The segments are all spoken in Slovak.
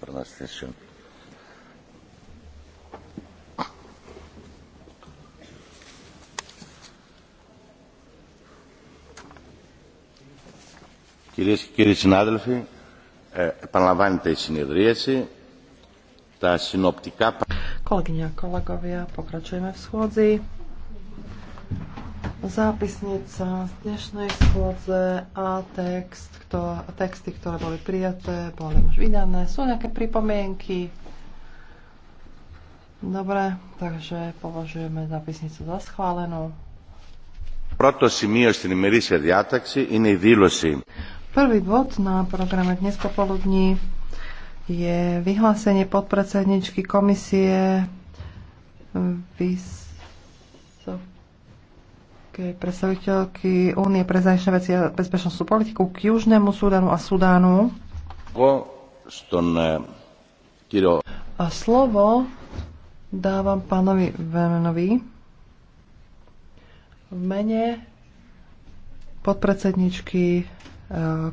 pronunciation. Κυρίες και κύριοι συνάδελφοι, επαναλαμβάνεται η συνεδρίαση. Τα συνοπτικά... Kolegyňa, kolegovia, pokračujeme v schôdzi. Zápisnica dnešnej schôdze a text takto texty, ktoré boli prijaté, boli už vydané. Sú nejaké pripomienky? Dobre, takže považujeme zapisnicu za schválenú. Proto si mio στην ημερήσια diataxi είναι η δήλωση. Prvý bod na programe dnes popoludní je vyhlásenie podpredsedničky komisie Vys vysokej predstaviteľky Únie pre zahraničné veci a bezpečnostnú politiku k Južnému Sudánu a Sudánu. Eh, a slovo dávam pánovi Vemenovi v mene podpredsedničky eh,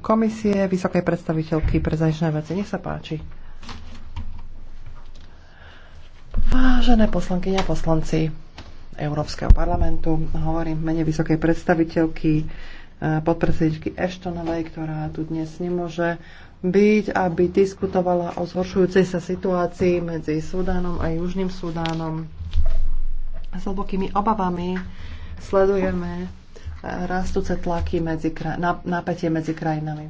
komisie vysokej predstaviteľky pre zahraničné veci. Nech sa páči. Vážené poslankyne a poslanci, Európskeho parlamentu. Hovorím v mene vysokej predstaviteľky eh, podpredsedničky Eštonovej, ktorá tu dnes nemôže byť, aby diskutovala o zhoršujúcej sa situácii medzi Sudánom a Južným Sudánom. S hlbokými obavami sledujeme eh, rastúce tlaky medzi, napätie medzi krajinami.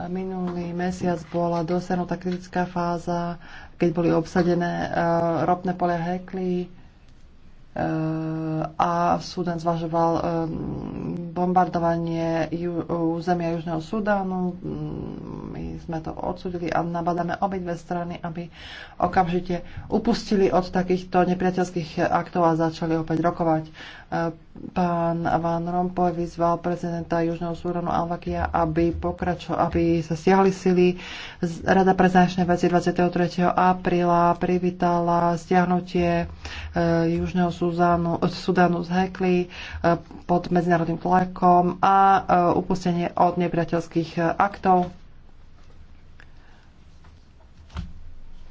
Minulý mesiac bola dosiahnutá kritická fáza, keď boli obsadené eh, ropné polia Hekly, Eh, a Súdan zvažoval eh, bombardovanie územia Južného Sudánu. My mm, sme to odsudili a nabadáme obidve strany, aby okamžite upustili od takýchto nepriateľských aktov a začali opäť rokovať. E, pán Van Rompuy vyzval prezidenta Južného súranu Alvakia, aby pokračo, aby sa stiahli sily. Rada pre zahraničné veci 23. apríla privítala stiahnutie e, Južného Sudánu, Sudanu z Hekly e, pod medzinárodným tlakom a upustenie od nepriateľských aktov.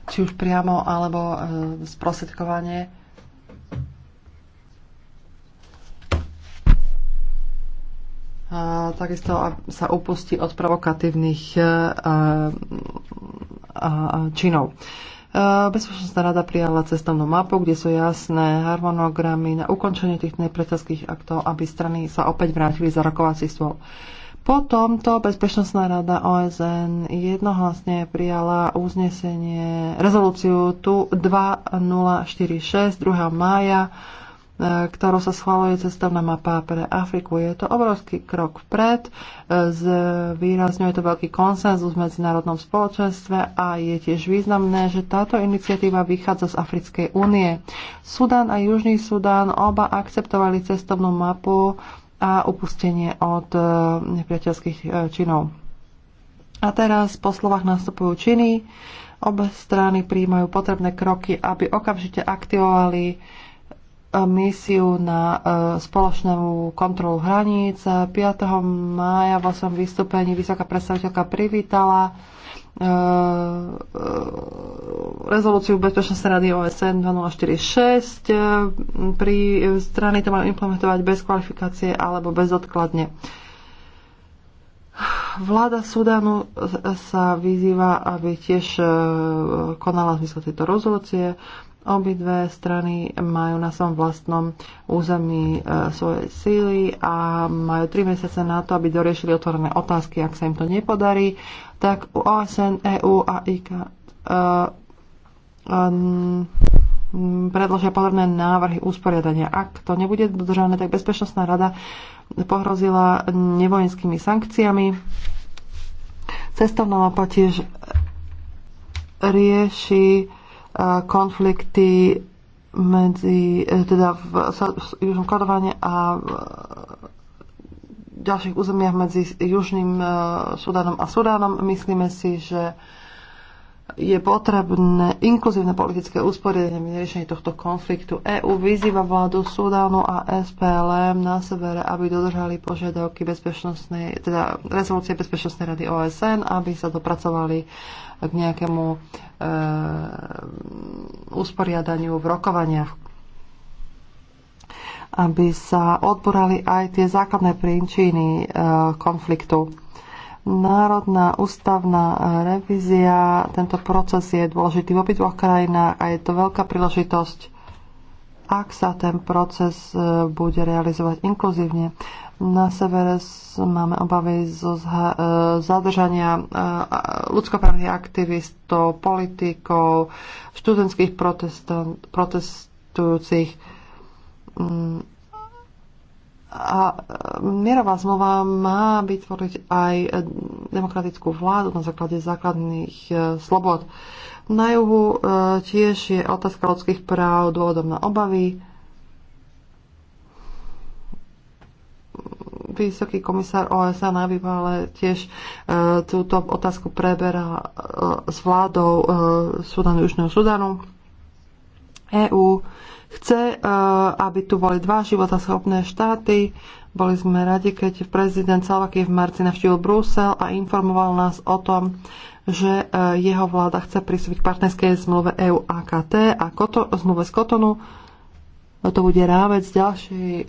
či už priamo alebo e, sprostredkovanie. A takisto sa upustí od provokatívnych e, činov. E, Bezpečnostná rada prijala cestovnú mapu, kde sú jasné harmonogramy na ukončenie tých nepriateľských aktov, aby strany sa opäť vrátili za rokovací stôl. Potom to Bezpečnostná rada OSN jednohlasne prijala uznesenie, rezolúciu tu 2046 2. mája, e, ktorou sa schvaluje cestovná mapa pre Afriku. Je to obrovský krok vpred, e, výrazňuje to veľký konsenzus v medzinárodnom spoločenstve a je tiež významné, že táto iniciatíva vychádza z Africkej únie. Sudan a Južný Sudan oba akceptovali cestovnú mapu a upustenie od e, nepriateľských e, činov. A teraz po slovách nastupujú činy. Obe strany príjmajú potrebné kroky, aby okamžite aktivovali e, misiu na spoločnú kontrolu hraníc. 5. mája vo svojom vystúpení vysoká predstaviteľka privítala Eh, eh, rezolúciu Bezpečnostnej rady OSN 2046. Eh, pri strany to majú implementovať bez kvalifikácie alebo bezodkladne. Vláda Sudánu sa vyzýva, aby tiež konala v zmysle tejto rezolúcie. Obidve strany majú na svojom vlastnom území e, svoje síly a majú tri mesiace na to, aby doriešili otvorené otázky. Ak sa im to nepodarí, tak OSN, EU a IK uh, e, um, predložia podobné návrhy usporiadania. Ak to nebude dodržané, tak Bezpečnostná rada pohrozila nevojenskými sankciami. Cestovná mapa tiež rieši konflikty medzi, e, teda v, v Južnom Kodovane a v ďalších územiach medzi Južným e, Sudánom a Sudánom. Myslíme si, že je potrebné inkluzívne politické usporiadanie riešenie tohto konfliktu. EÚ vyzýva vládu Sudánu a SPLM na severe, aby dodržali požiadavky bezpečnostnej, teda rezolúcie Bezpečnostnej rady OSN, aby sa dopracovali k nejakému e, usporiadaniu v rokovaniach aby sa odborali aj tie základné príčiny e, konfliktu. Národná ústavná e, revízia, tento proces je dôležitý v obidvoch krajinách a je to veľká príležitosť, ak sa ten proces e, bude realizovať inkluzívne. Na severe máme obavy zo e, zadržania e, ľudskoprávnych aktivistov, politikov, študentských protestujúcich. Mm. A e, mierová zmluva má vytvoriť aj demokratickú vládu na základe základných slobod. Na juhu tiež je otázka ľudských práv dôvodom na obavy vysoký komisár OSN na Vývale tiež e, túto otázku preberá e, s vládou e, Sudanu, Južného Sudanu. EÚ chce, e, aby tu boli dva životaschopné štáty. Boli sme radi, keď prezident Salvaky v marci navštívil Brusel a informoval nás o tom, že e, jeho vláda chce prísť k partnerskej zmluve EU-AKT a koto, zmluve z Kotonu to bude rávec ďalšej e,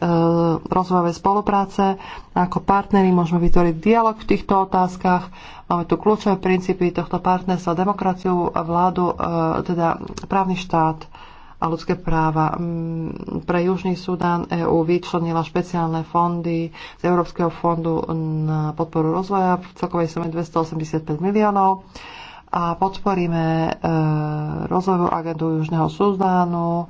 rozvojovej spolupráce. Ako partneri môžeme vytvoriť dialog v týchto otázkach. Máme tu kľúčové princípy tohto partnerstva, demokraciu, vládu, e, teda právny štát a ľudské práva. Pre Južný Sudan EÚ vyčlenila špeciálne fondy z Európskeho fondu na podporu rozvoja v celkovej sume 285 miliónov a podporíme e, rozvojovú agendu Južného Sudánu,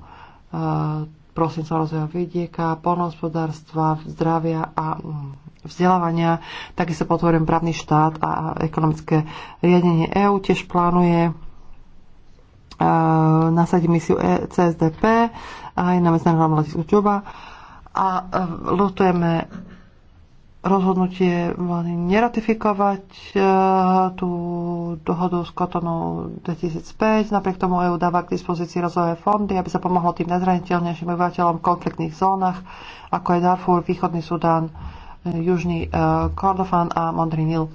e, sa rozvoja vidieka, polnohospodárstva, zdravia a mm, vzdelávania. sa potvorím právny štát a ekonomické riadenie EÚ tiež plánuje e, nasadí misiu e CSDP aj na medzinárodnom letisku Čuba a e, lutujeme rozhodnutie vlády neratifikovať e, tú dohodu z Kotonu 2005. Napriek tomu EU dáva k dispozícii rozvojové fondy, aby sa pomohlo tým nezraniteľnejším obyvateľom v konfliktných zónach, ako je Darfur, Východný Sudán, e, Južný e, Kordofán a Modrý Nil.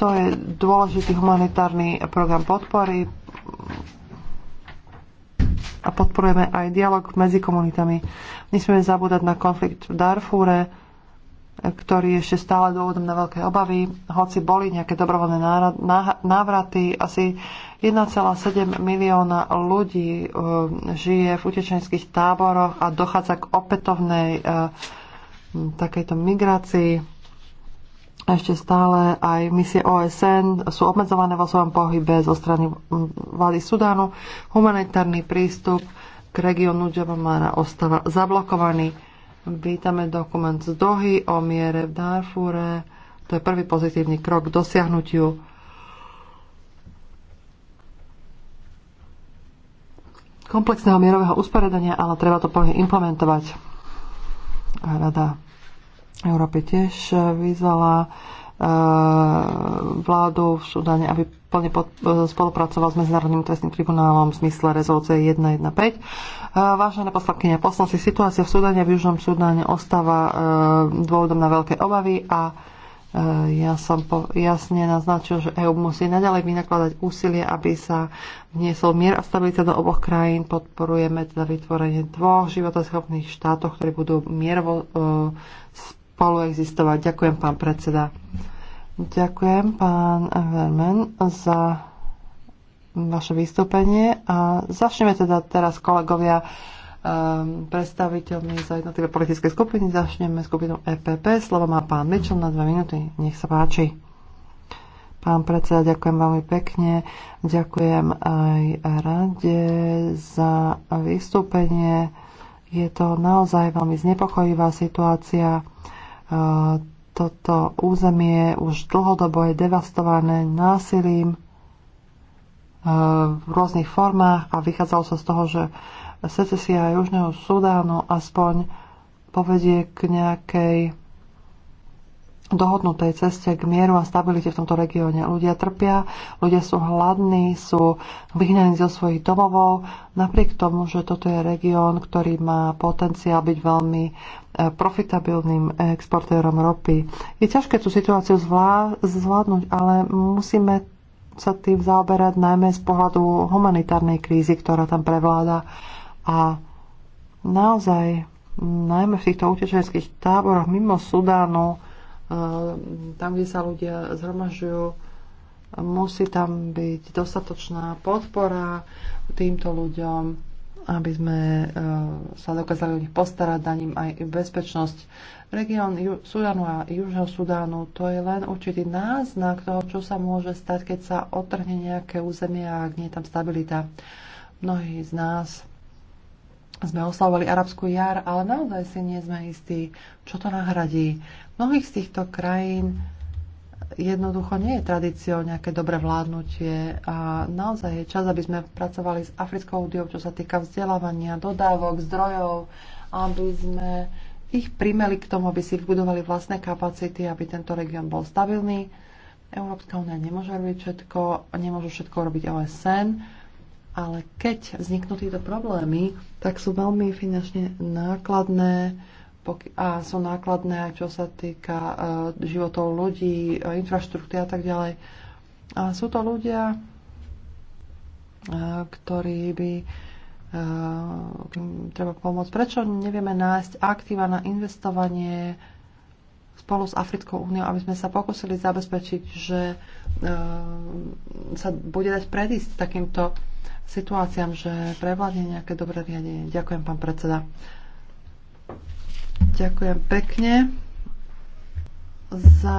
To je dôležitý humanitárny program podpory a podporujeme aj dialog medzi komunitami. Nesmieme zabúdať na konflikt v Darfúre, ktorý ešte stále dôvodom na veľké obavy, hoci boli nejaké dobrovoľné návraty, asi 1,7 milióna ľudí eh, žije v utečenských táboroch a dochádza k opätovnej eh, takejto migrácii ešte stále aj misie OSN sú obmedzované vo svojom pohybe zo strany vlády Sudánu. Humanitárny prístup k regiónu Džabamára ostáva zablokovaný. Vítame dokument z Dohy o miere v Darfúre. To je prvý pozitívny krok k dosiahnutiu komplexného mierového usporiadania, ale treba to plne implementovať. A rada Európy tiež eh, vyzvala eh, vládu v Sudáne, aby plne pod, eh, spolupracoval s Medzinárodným trestným tribunálom v zmysle rezolúcie 115. Vážené poslankyne a poslanci, situácia v Sudáne, v Južnom Sudáne ostáva dôvodom na veľké obavy a ja som po, jasne naznačil, že EU musí naďalej vynakladať úsilie, aby sa vniesol mier a stabilita do oboch krajín. Podporujeme teda vytvorenie dvoch životoschopných štátov, ktorí budú mierovo existovať. Ďakujem, pán predseda. Ďakujem, pán Vermen, za vaše vystúpenie. A začneme teda teraz, kolegovia, um, predstaviteľmi za jednotlivé politické skupiny. Začneme skupinou EPP. Slovo má pán Mitchell na dve minúty. Nech sa páči. Pán predseda, ďakujem veľmi pekne. Ďakujem aj rade za vystúpenie. Je to naozaj veľmi znepokojivá situácia. Toto územie už dlhodobo je devastované násilím e, v rôznych formách a vychádzalo sa z toho, že secesia Južného Sudánu aspoň povedie k nejakej dohodnutej ceste k mieru a stabilite v tomto regióne. Ľudia trpia, ľudia sú hladní, sú vyhnaní zo svojich domovov, napriek tomu, že toto je región, ktorý má potenciál byť veľmi e, profitabilným exportérom ropy. Je ťažké tú situáciu zvlá- zvládnuť, ale musíme sa tým zaoberať najmä z pohľadu humanitárnej krízy, ktorá tam prevláda. A naozaj, najmä v týchto utečenských táboroch mimo Sudánu, Mm, tam, kde sa ľudia zhromažujú, musí tam byť dostatočná podpora týmto ľuďom, aby sme e, sa dokázali o nich postarať, dať im aj bezpečnosť. Región Sudanu a Južného Sudánu to je len určitý náznak toho, čo sa môže stať, keď sa otrhne nejaké územie a ak nie je tam stabilita. Mnohí z nás sme oslavovali arabskú jar, ale naozaj si nie sme istí, čo to nahradí. Mnohých z týchto krajín jednoducho nie je tradíciou nejaké dobré vládnutie a naozaj je čas, aby sme pracovali s Africkou údiou, čo sa týka vzdelávania, dodávok, zdrojov, aby sme ich primeli k tomu, aby si vbudovali vlastné kapacity, aby tento región bol stabilný. Európska únia nemôže robiť všetko, nemôžu všetko robiť OSN ale keď vzniknú tieto problémy, tak sú veľmi finančne nákladné a sú nákladné aj čo sa týka e, životov ľudí, e, infraštruktúry a tak ďalej. A sú to ľudia, e, ktorí by treba pomôcť. Prečo nevieme nájsť aktíva na investovanie spolu s Africkou úniou, aby sme sa pokusili zabezpečiť, že e, sa bude dať predísť takýmto situáciám, že prevládne nejaké dobré riadenie. Ďakujem, pán predseda. Ďakujem pekne za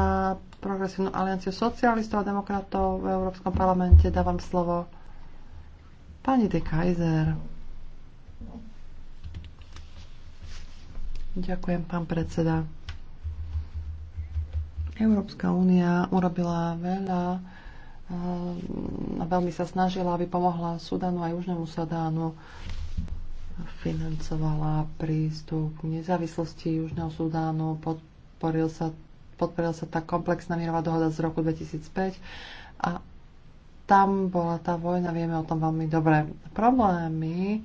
Progresívnu alianciu socialistov a demokratov v Európskom parlamente. Dávam slovo pani de Kaiser. Ďakujem, pán predseda. Európska únia urobila veľa eh, a veľmi sa snažila, aby pomohla Sudanu a Južnému Sudánu. Financovala prístup k nezávislosti Južného Sudánu, podporil sa, podporila sa tá komplexná mierová dohoda z roku 2005 a tam bola tá vojna, vieme o tom veľmi dobre. Problémy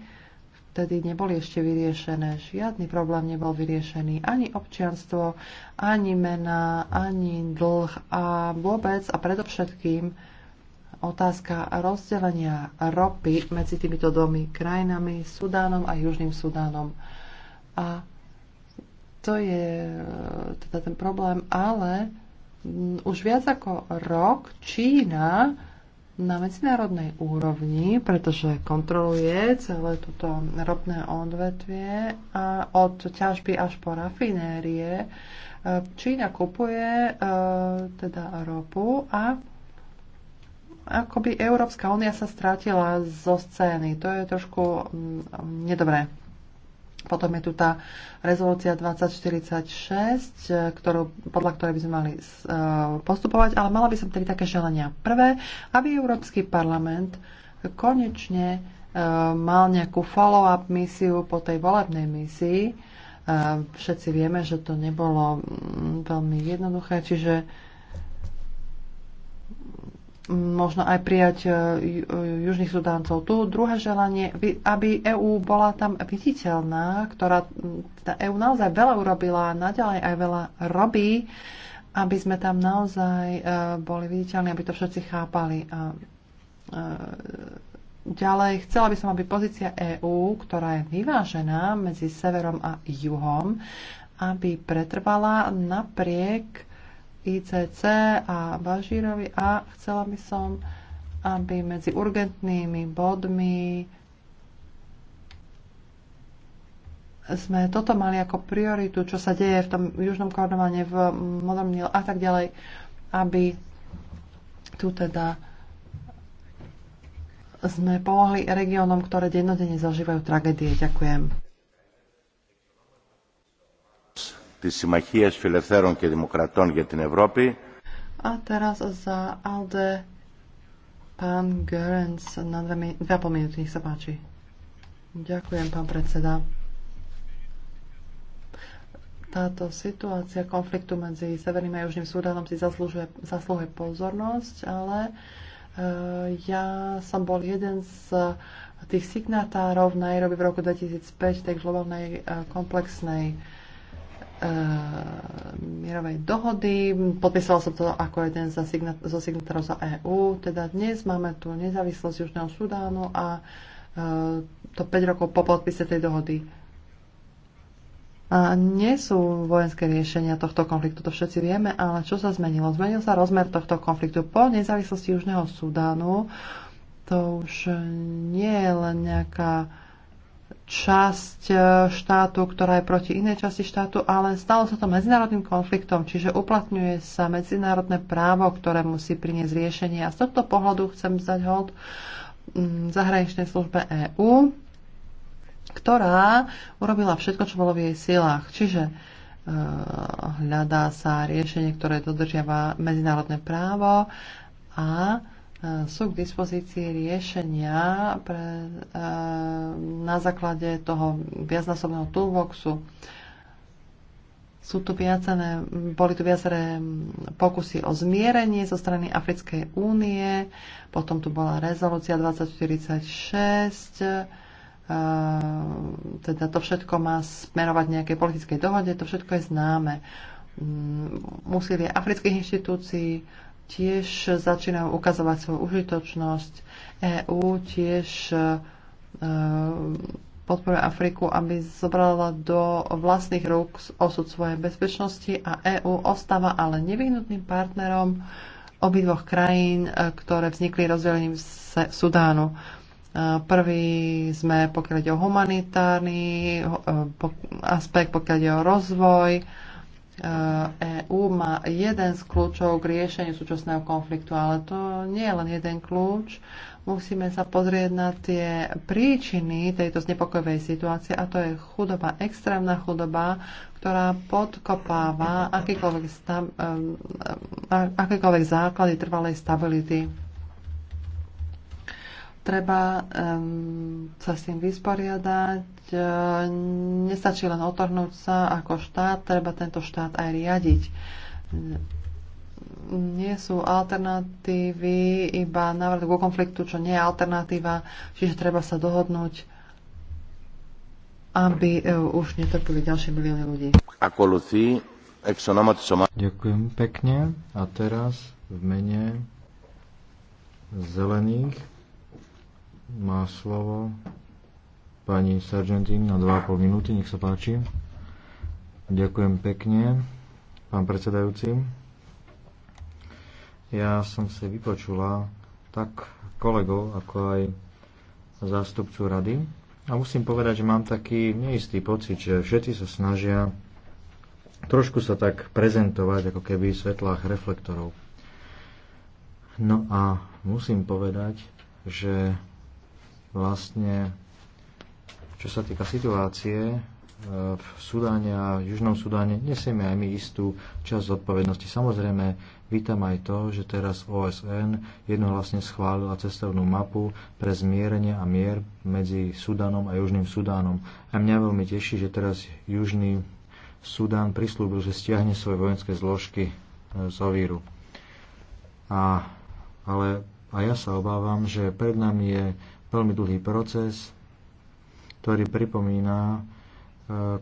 vtedy neboli ešte vyriešené. Žiadny problém nebol vyriešený. Ani občianstvo, ani mena, ani dlh a vôbec a predovšetkým otázka rozdelenia ropy medzi týmito dvomi krajinami, Sudánom a Južným Sudánom. A to je teda ten problém, ale už viac ako rok Čína na medzinárodnej úrovni, pretože kontroluje celé toto ropné odvetvie a od ťažby až po rafinérie. E, Čína kupuje e, teda ropu a akoby Európska únia sa strátila zo scény. To je trošku mm, nedobré. Potom je tu tá rezolúcia 2046, e, ktorú, podľa ktorej by sme mali e, postupovať, ale mala by som tedy také želania. Prvé, aby Európsky parlament konečne e, mal nejakú follow-up misiu po tej volebnej misii. Všetci vieme, že to nebolo mm, veľmi jednoduché, čiže možno aj prijať e, e, južných sudáncov. Tu druhé želanie, aby EÚ bola tam viditeľná, ktorá tá EÚ naozaj veľa urobila a naďalej aj veľa robí, aby sme tam naozaj e, boli viditeľní, aby to všetci chápali. A ďalej, chcela by som, aby pozícia EÚ, ktorá je vyvážená medzi severom a juhom, aby pretrvala napriek ICC a Bažírovi a chcela by som, aby medzi urgentnými bodmi sme toto mali ako prioritu, čo sa deje v tom južnom koordinovaní, v Modrom a tak ďalej, aby tu teda sme pomohli regiónom, ktoré dennodenne zažívajú tragédie. Ďakujem. της Συμμαχίας Φιλελευθέρων και Δημοκρατών για την Ευρώπη. A teraz za ALDE pán Görens na dve, minúty, nech sa páči. Ďakujem, pán predseda. Táto situácia konfliktu medzi Severným a Južným Súdanom si zaslúžuje, zaslúžuje pozornosť, ale eh, ja som bol jeden z eh, tých signatárov v Nairobi v roku 2005 tej globálnej eh, komplexnej Eh, mierovej dohody. Podpísal som to ako jeden zo signat- signatárov za EÚ. Teda dnes máme tu nezávislosť Južného Sudánu a eh, to 5 rokov po podpise tej dohody. A nie sú vojenské riešenia tohto konfliktu, to všetci vieme, ale čo sa zmenilo? Zmenil sa rozmer tohto konfliktu. Po nezávislosti Južného Sudánu to už nie je len nejaká časť e, štátu, ktorá je proti inej časti štátu, ale stalo sa to medzinárodným konfliktom, čiže uplatňuje sa medzinárodné právo, ktoré musí priniesť riešenie. A z tohto pohľadu chcem zdať hold mm, zahraničnej službe EÚ, ktorá urobila všetko, čo bolo v jej silách. Čiže e, hľadá sa riešenie, ktoré dodržiava medzinárodné právo a E, sú k dispozícii riešenia pre, e, na základe toho viacnásobného toolboxu. Sú tu viacené, boli tu viaceré pokusy o zmierenie zo strany Africkej únie, potom tu bola rezolúcia 2046, e, teda to všetko má smerovať nejakej politickej dohode, to všetko je známe. Úsilie afrických inštitúcií, tiež začínajú ukazovať svoju užitočnosť. EÚ tiež e, podporuje Afriku, aby zobrala do vlastných rúk osud svojej bezpečnosti a EÚ ostáva ale nevyhnutným partnerom obidvoch krajín, e, ktoré vznikli rozdelením Sudánu. E, prvý sme, pokiaľ ide o humanitárny aspekt, pokiaľ ide o rozvoj, EU e má jeden z kľúčov k riešeniu súčasného konfliktu, ale to nie je len jeden kľúč. Musíme sa pozrieť na tie príčiny tejto znepokojivej situácie a to je chudoba, extrémna chudoba, ktorá podkopáva akýkoľvek, stav, akékoľvek základy trvalej stability Treba um, sa s tým vysporiadať. E, nestačí len otrhnúť sa ako štát, treba tento štát aj riadiť. Nie sú alternatívy iba návrh ku konfliktu, čo nie je alternatíva, čiže treba sa dohodnúť, aby e, už netrpili ďalšie milióny ľudí. Ďakujem pekne. A teraz v mene zelených má slovo pani Sargentin na 2,5 minúty, nech sa páči. Ďakujem pekne, pán predsedajúci. Ja som si vypočula tak kolegov, ako aj zástupcu rady. A musím povedať, že mám taký neistý pocit, že všetci sa snažia trošku sa tak prezentovať ako keby v svetlách reflektorov. No a musím povedať, že vlastne, čo sa týka situácie e, v Sudáne a v Južnom Sudáne, nesieme aj my istú časť zodpovednosti. Samozrejme, vítam aj to, že teraz OSN jednohlasne schválila cestovnú mapu pre zmierenie a mier medzi Sudanom a Južným Sudánom. A mňa veľmi teší, že teraz Južný Sudán prislúbil, že stiahne svoje vojenské zložky e, z Ovíru. A, ale a ja sa obávam, že pred nami je veľmi dlhý proces, ktorý pripomína e,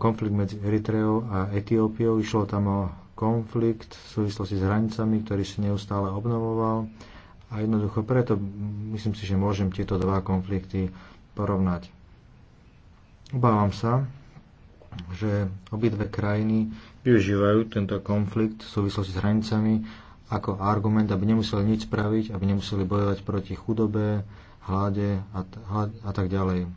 konflikt medzi Eritreou a Etiópiou. Išlo tam o konflikt v súvislosti s hranicami, ktorý sa neustále obnovoval. A jednoducho preto myslím si, že môžem tieto dva konflikty porovnať. Obávam sa, že obidve krajiny využívajú tento konflikt v súvislosti s hranicami ako argument, aby nemuseli nič spraviť, aby nemuseli bojovať proti chudobe, hlade a, a tak ďalej.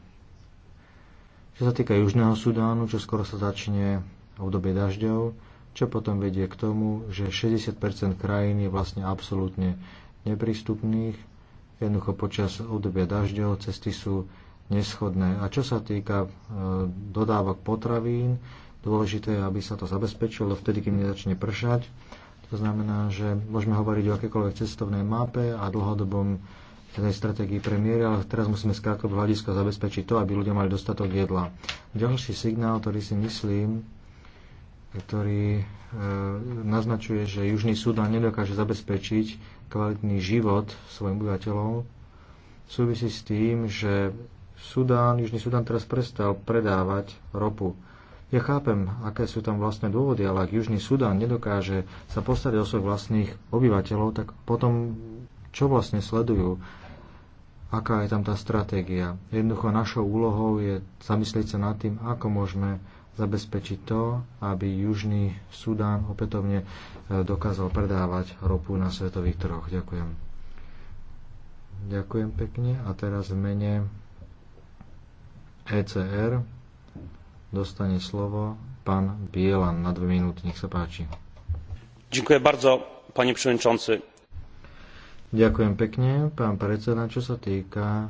Čo sa týka Južného Sudánu, čo skoro sa začne obdobie dažďov, čo potom vedie k tomu, že 60 krajín je vlastne absolútne neprístupných. Jednoducho počas obdobia dažďov cesty sú neschodné. A čo sa týka e, dodávok potravín, dôležité je, aby sa to zabezpečilo vtedy, kým nezačne pršať. To znamená, že môžeme hovoriť o akékoľvek cestovnej mape a dlhodobom tej stratégii pre mier, ale teraz musíme z krátkodobého hľadiska zabezpečiť to, aby ľudia mali dostatok jedla. Ďalší signál, ktorý si myslím, ktorý e, naznačuje, že Južný súdán nedokáže zabezpečiť kvalitný život svojim obyvateľom, súvisí s tým, že Sudán, Južný Sudán teraz prestal predávať ropu. Ja chápem, aké sú tam vlastné dôvody, ale ak Južný Sudán nedokáže sa postarať o svojich vlastných obyvateľov, tak potom čo vlastne sledujú? aká je tam tá stratégia. Jednoducho našou úlohou je zamyslieť sa nad tým, ako môžeme zabezpečiť to, aby Južný Sudán opätovne e, dokázal predávať ropu na svetových trhoch. Ďakujem. Ďakujem pekne a teraz v mene ECR dostane slovo pán Bielan na dve minúty. Nech sa páči. Ďakujem bardzo, panie przewodniczący Ďakujem pekne, pán predseda. Čo sa týka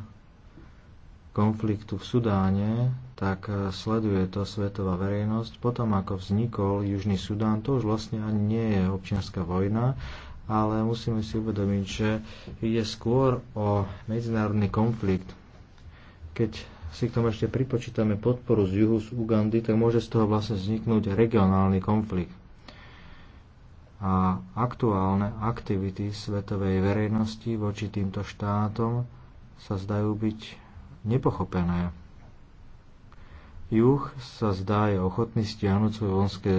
konfliktu v Sudáne, tak eh, sleduje to svetová verejnosť. Potom, ako vznikol Južný Sudán, to už vlastne ani nie je občianská vojna, ale musíme si uvedomiť, že ide skôr o medzinárodný konflikt. Keď si k tomu ešte pripočítame podporu z juhu z Ugandy, tak môže z toho vlastne vzniknúť regionálny konflikt a aktuálne aktivity svetovej verejnosti voči týmto štátom sa zdajú byť nepochopené. Juh sa zdá je ochotný stiahnuť svoje vonské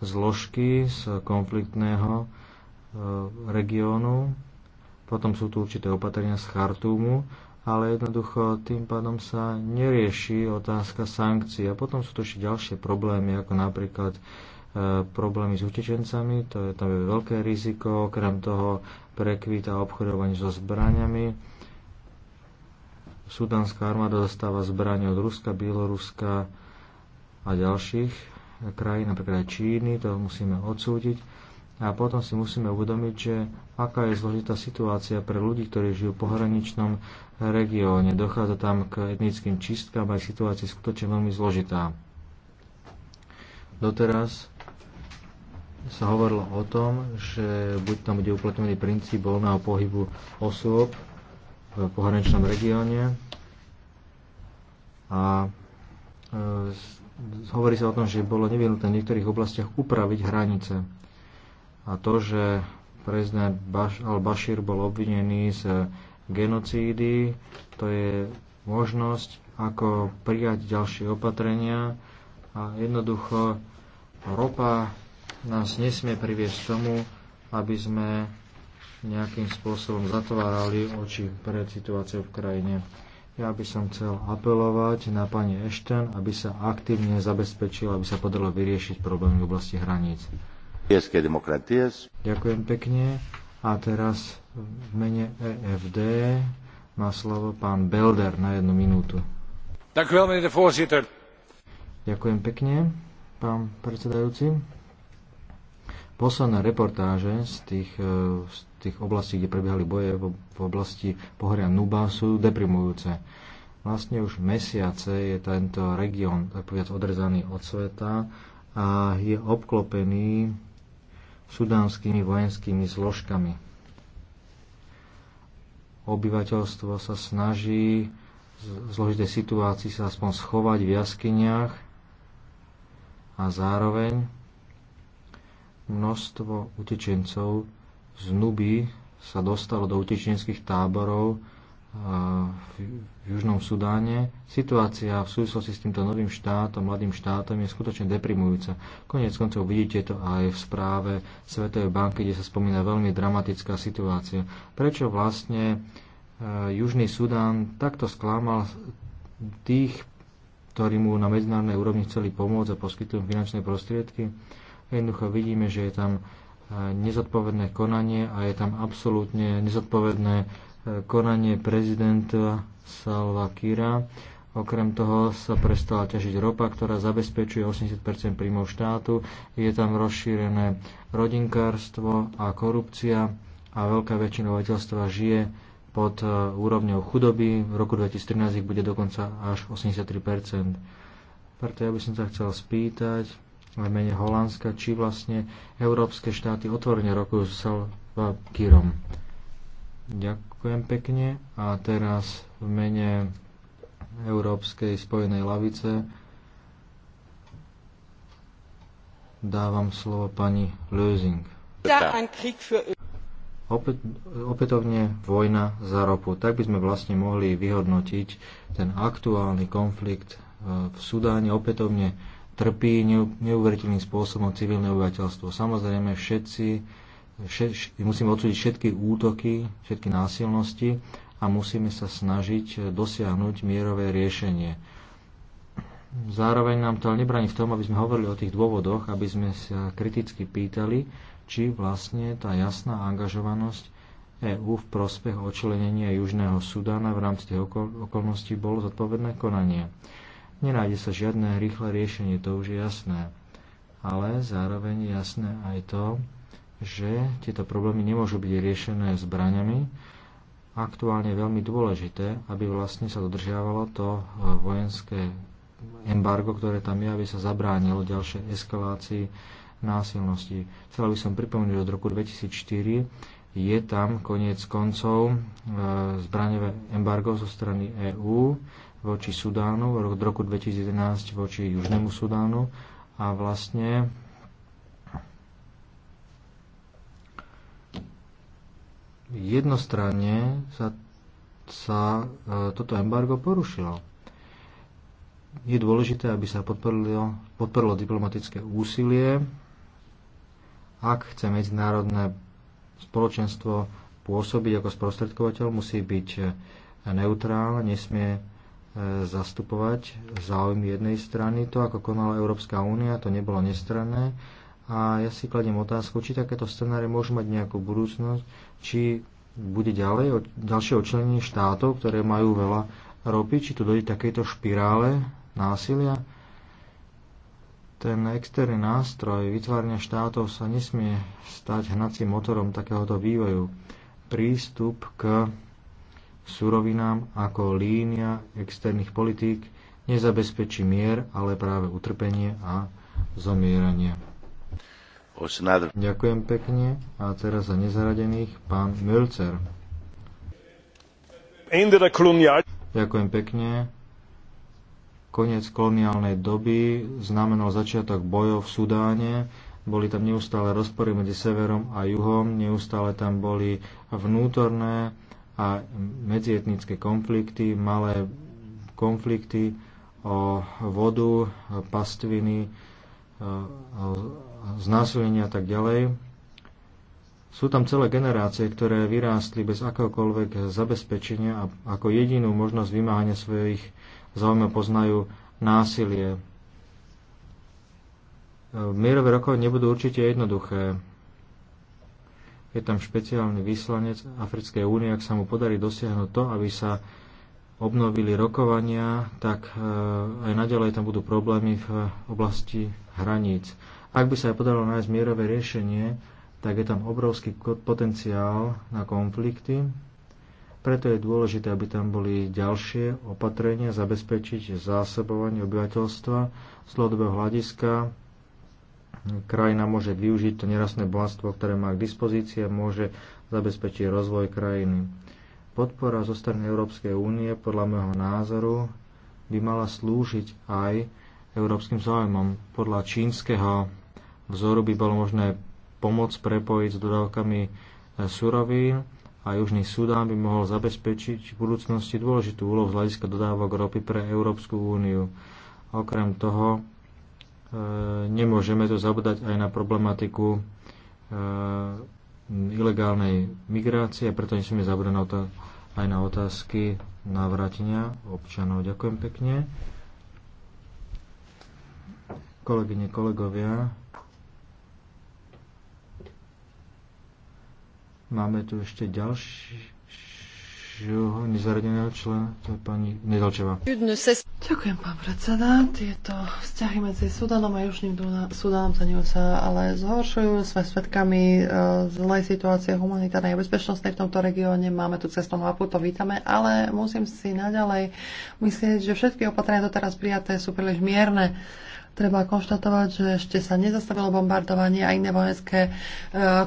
zložky z konfliktného e, regiónu. Potom sú tu určité opatrenia z Chartúmu, ale jednoducho tým pádom sa nerieši otázka sankcií. A potom sú to ešte ďalšie problémy, ako napríklad E, problémy s utečencami, to je tam je veľké riziko, okrem toho prekvíta obchodovanie so zbraniami. Sudánska armáda dostáva zbranie od Ruska, Bieloruska a ďalších krajín, napríklad aj Číny, to musíme odsúdiť. A potom si musíme uvedomiť, že aká je zložitá situácia pre ľudí, ktorí žijú v pohraničnom regióne. Dochádza tam k etnickým čistkám, aj situácia je skutočne veľmi zložitá. Doteraz sa hovorilo o tom, že buď tam bude uplatňovaný princíp voľného pohybu osôb v pohraničnom regióne a e, hovorí sa o tom, že bolo nevyhnuté v niektorých oblastiach upraviť hranice. A to, že prezident Baš, al-Bashir bol obvinený z genocídy, to je možnosť, ako prijať ďalšie opatrenia a jednoducho ropa nás nesmie priviesť tomu, aby sme nejakým spôsobom zatvárali oči pred situáciou v krajine. Ja by som chcel apelovať na pani Ešten, aby sa aktívne zabezpečila, aby sa podarilo vyriešiť problémy v oblasti hraníc. Ďakujem pekne. A teraz v mene EFD má slovo pán Belder na jednu minútu. Ďakujem pekne, pán predsedajúci. Posledné reportáže z tých, e, z tých oblastí, kde prebiehali boje v oblasti pohoria Nuba sú deprimujúce. Vlastne už mesiace je tento región, tak povedať, odrezaný od sveta a je obklopený sudánskymi vojenskými zložkami. Obyvateľstvo sa snaží v zložitej situácii sa aspoň schovať v jaskyniach a zároveň množstvo utečencov z Nuby sa dostalo do utečenských táborov v Južnom Sudáne. Situácia v súvislosti s týmto novým štátom, mladým štátom je skutočne deprimujúca. Konec koncov vidíte to aj v správe Svetovej banky, kde sa spomína veľmi dramatická situácia. Prečo vlastne e, Južný Sudán takto sklamal tých, ktorí mu na medzinárodnej úrovni chceli pomôcť a poskytujú finančné prostriedky? Jednoducho vidíme, že je tam e, nezodpovedné konanie a je tam absolútne nezodpovedné e, konanie prezidenta Salva Kira. Okrem toho sa prestala ťažiť ropa, ktorá zabezpečuje 80 príjmov štátu. Je tam rozšírené rodinkárstvo a korupcia a veľká väčšina obyvateľstva žije pod e, úrovňou chudoby. V roku 2013 ich bude dokonca až 83 Preto ja by som sa chcel spýtať, aj mene Holandska, či vlastne európske štáty otvorene rokujú s Salvakírom. Ďakujem pekne. A teraz v mene Európskej spojenej lavice dávam slovo pani Lösing. Opäť, opätovne vojna za ropu. Tak by sme vlastne mohli vyhodnotiť ten aktuálny konflikt e, v Sudáne. Opätovne trpí neuveriteľným spôsobom civilné obyvateľstvo. Samozrejme, všetci, všet, musíme odsúdiť všetky útoky, všetky násilnosti a musíme sa snažiť dosiahnuť mierové riešenie. Zároveň nám to ale nebraní v tom, aby sme hovorili o tých dôvodoch, aby sme sa kriticky pýtali, či vlastne tá jasná angažovanosť EÚ v prospech očlenenia Južného Sudána v rámci tých okolností bolo zodpovedné konanie. Nenájde sa žiadne rýchle riešenie, to už je jasné. Ale zároveň je jasné aj to, že tieto problémy nemôžu byť riešené zbraňami. Aktuálne je veľmi dôležité, aby vlastne sa dodržiavalo to e, vojenské embargo, ktoré tam je, aby sa zabránilo ďalšej eskalácii násilnosti. Chcel by som pripomenúť, že od roku 2004 je tam koniec koncov e, zbraňové embargo zo strany EÚ voči Sudánu, v roku 2011 voči Južnému Sudánu a vlastne jednostranne sa, sa e, toto embargo porušilo. Je dôležité, aby sa podporilo, podporilo diplomatické úsilie, ak chce medzinárodné spoločenstvo pôsobiť ako sprostredkovateľ, musí byť neutrálne, nesmie zastupovať záujmy jednej strany. To, ako konala Európska únia, to nebolo nestranné. A ja si kladiem otázku, či takéto scenáre môžu mať nejakú budúcnosť, či bude ďalej o, ďalšie očlenenie štátov, ktoré majú veľa ropy, či tu dojde takejto špirále násilia. Ten externý nástroj vytvárania štátov sa nesmie stať hnacím motorom takéhoto vývoju. Prístup k surovinám ako línia externých politík nezabezpečí mier, ale práve utrpenie a zomieranie. Ďakujem pekne a teraz za nezaradených pán Mölzer. Ďakujem pekne. Koniec koloniálnej doby znamenal začiatok bojov v Sudáne. Boli tam neustále rozpory medzi severom a juhom, neustále tam boli vnútorné a medzietnické konflikty, malé konflikty o vodu, pastviny, e, znásilenia a tak ďalej. Sú tam celé generácie, ktoré vyrástli bez akéhokoľvek zabezpečenia a ako jedinú možnosť vymáhania svojich záujmov poznajú násilie. E, mierové rokovania nebudú určite jednoduché. Je tam špeciálny vyslanec Africkej únie, ak sa mu podarí dosiahnuť to, aby sa obnovili rokovania, tak eh, aj naďalej tam budú problémy v oblasti hraníc. Ak by sa aj podarilo nájsť mierové riešenie, tak je tam obrovský potenciál na konflikty. Preto je dôležité, aby tam boli ďalšie opatrenia, zabezpečiť zásobovanie obyvateľstva z dlhodobého hľadiska, krajina môže využiť to nerastné bohatstvo, ktoré má k dispozícii a môže zabezpečiť rozvoj krajiny. Podpora zo strany Európskej únie podľa môjho názoru by mala slúžiť aj európskym záujmom. Podľa čínskeho vzoru by bolo možné pomoc prepojiť s dodávkami e, surovín a Južný Sudán by mohol zabezpečiť v budúcnosti dôležitú úlohu z hľadiska dodávok ropy pre Európsku úniu. Okrem toho E, nemôžeme to zabúdať aj na problematiku e, ilegálnej migrácie, preto nesmieme zabúdať na to, aj na otázky navrátenia občanov. Ďakujem pekne. Kolegyne, kolegovia, máme tu ešte ďalší ďalšieho nezaradeného člena, to je pani Nedalčeva. Ďakujem, pán predseda. Tieto vzťahy medzi Sudanom a Južným Sudanom sa neusá, ale zhoršujú. Sme svetkami e, zlej situácie humanitárnej a bezpečnostnej v tomto regióne. Máme tu cestnú mapu, to vítame, ale musím si naďalej myslieť, že všetky opatrenia doteraz prijaté sú príliš mierne treba konštatovať, že ešte sa nezastavilo bombardovanie a iné vojenské e,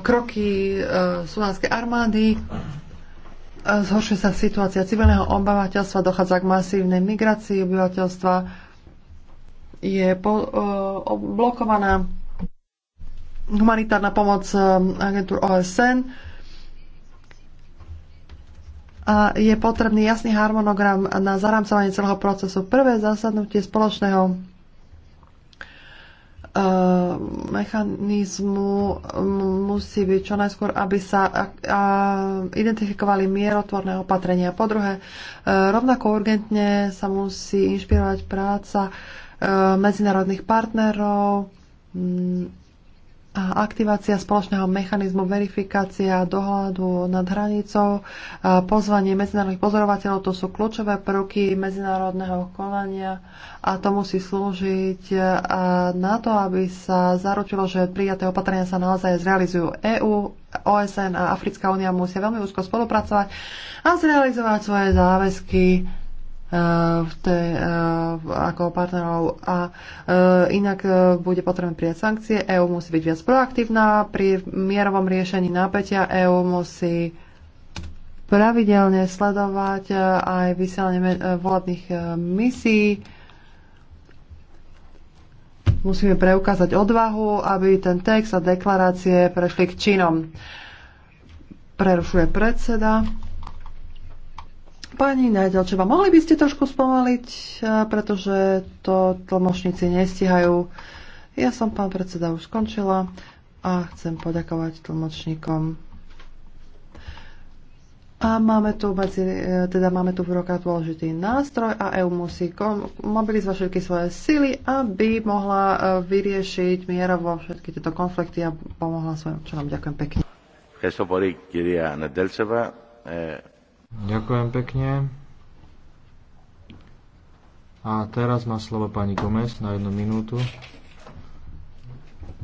kroky e, sudanskej armády zhoršuje sa situácia civilného obyvateľstva, dochádza k masívnej migrácii obyvateľstva, je po, e, o, blokovaná humanitárna pomoc e, agentúr OSN a je potrebný jasný harmonogram na zaramcovanie celého procesu. Prvé zasadnutie spoločného Eh, mechanizmu mm, musí byť čo najskôr, aby sa a, a, identifikovali mierotvorné opatrenia. Po druhé, eh, rovnako urgentne sa musí inšpirovať práca eh, medzinárodných partnerov, mm, aktivácia spoločného mechanizmu verifikácia dohľadu nad hranicou, pozvanie medzinárodných pozorovateľov, to sú kľúčové prvky medzinárodného konania a to musí slúžiť e, na to, aby sa zaručilo, že prijaté opatrenia sa naozaj zrealizujú. EÚ, OSN a Africká únia musia veľmi úzko spolupracovať a zrealizovať svoje záväzky Eh, v tej, eh, ako partnerov a eh, inak bude potrebné prijať sankcie. EÚ musí byť viac proaktívna pri mierovom riešení napätia. EÚ musí pravidelne sledovať aj vysielanie volebných misií. Musíme preukázať odvahu, aby ten text a deklarácie prešli k činom. Prerušuje predseda. Pani najďalčeva, mohli by ste trošku spomaliť, e, pretože to tlmočníci nestihajú. Ja som, pán predseda, už skončila a chcem poďakovať tlmočníkom. A máme tu, medzi, e, teda máme tu v rukách dôležitý nástroj a EU musí mobilizovať všetky svoje sily, aby mohla e, vyriešiť mierovo všetky tieto konflikty a pomohla svojim občanom. Ďakujem pekne. Ďakujem pekne. A teraz má slovo pani Gomez na jednu minútu.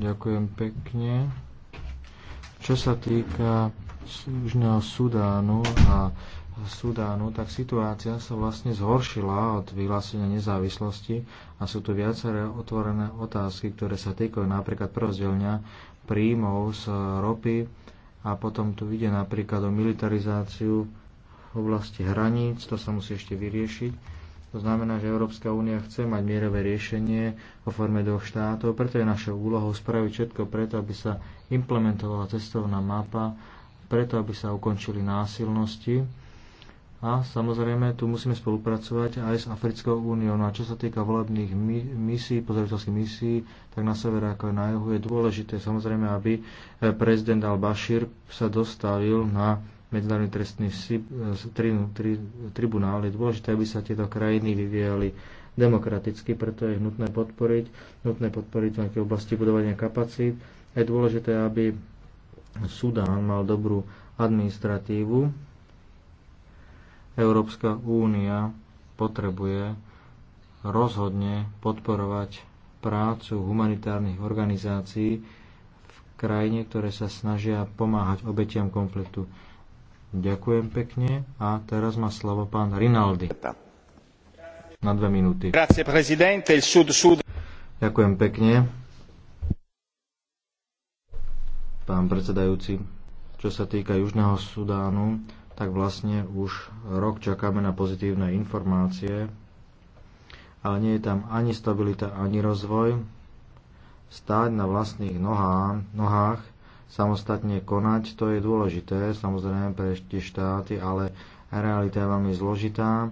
Ďakujem pekne. Čo sa týka Južného Sudánu a Sudánu, tak situácia sa vlastne zhoršila od vyhlásenia nezávislosti a sú tu viaceré otvorené otázky, ktoré sa týkajú napríklad prvozdelňa príjmov z ropy a potom tu ide napríklad o militarizáciu v oblasti hraníc, to sa musí ešte vyriešiť. To znamená, že Európska únia chce mať mierové riešenie vo forme dvoch štátov, preto je našou úlohou spraviť všetko preto, aby sa implementovala cestovná mapa, preto, aby sa ukončili násilnosti. A samozrejme, tu musíme spolupracovať aj s Africkou úniou. No a čo sa týka volebných misií, pozorovateľských misií, tak na severe ako aj na juhu je dôležité samozrejme, aby eh, prezident Al-Bashir sa dostavil na Medzinárodný trestný eh, tribunál, je dôležité, aby sa tieto krajiny vyvíjali demokraticky, preto je nutné podporiť, nutné podporiť v nejakej oblasti budovania kapacít. Je dôležité, aby Sudán mal dobrú administratívu. Európska únia potrebuje rozhodne podporovať prácu humanitárnych organizácií v krajine, ktoré sa snažia pomáhať obetiam konfliktu. Ďakujem pekne a teraz má slovo pán Rinaldi. Na dve minúty. Ďakujem pekne. Pán predsedajúci, čo sa týka Južného Sudánu, tak vlastne už rok čakáme na pozitívne informácie, ale nie je tam ani stabilita, ani rozvoj. Stáť na vlastných nohách samostatne konať, to je dôležité, samozrejme pre tie štáty, ale realita je veľmi zložitá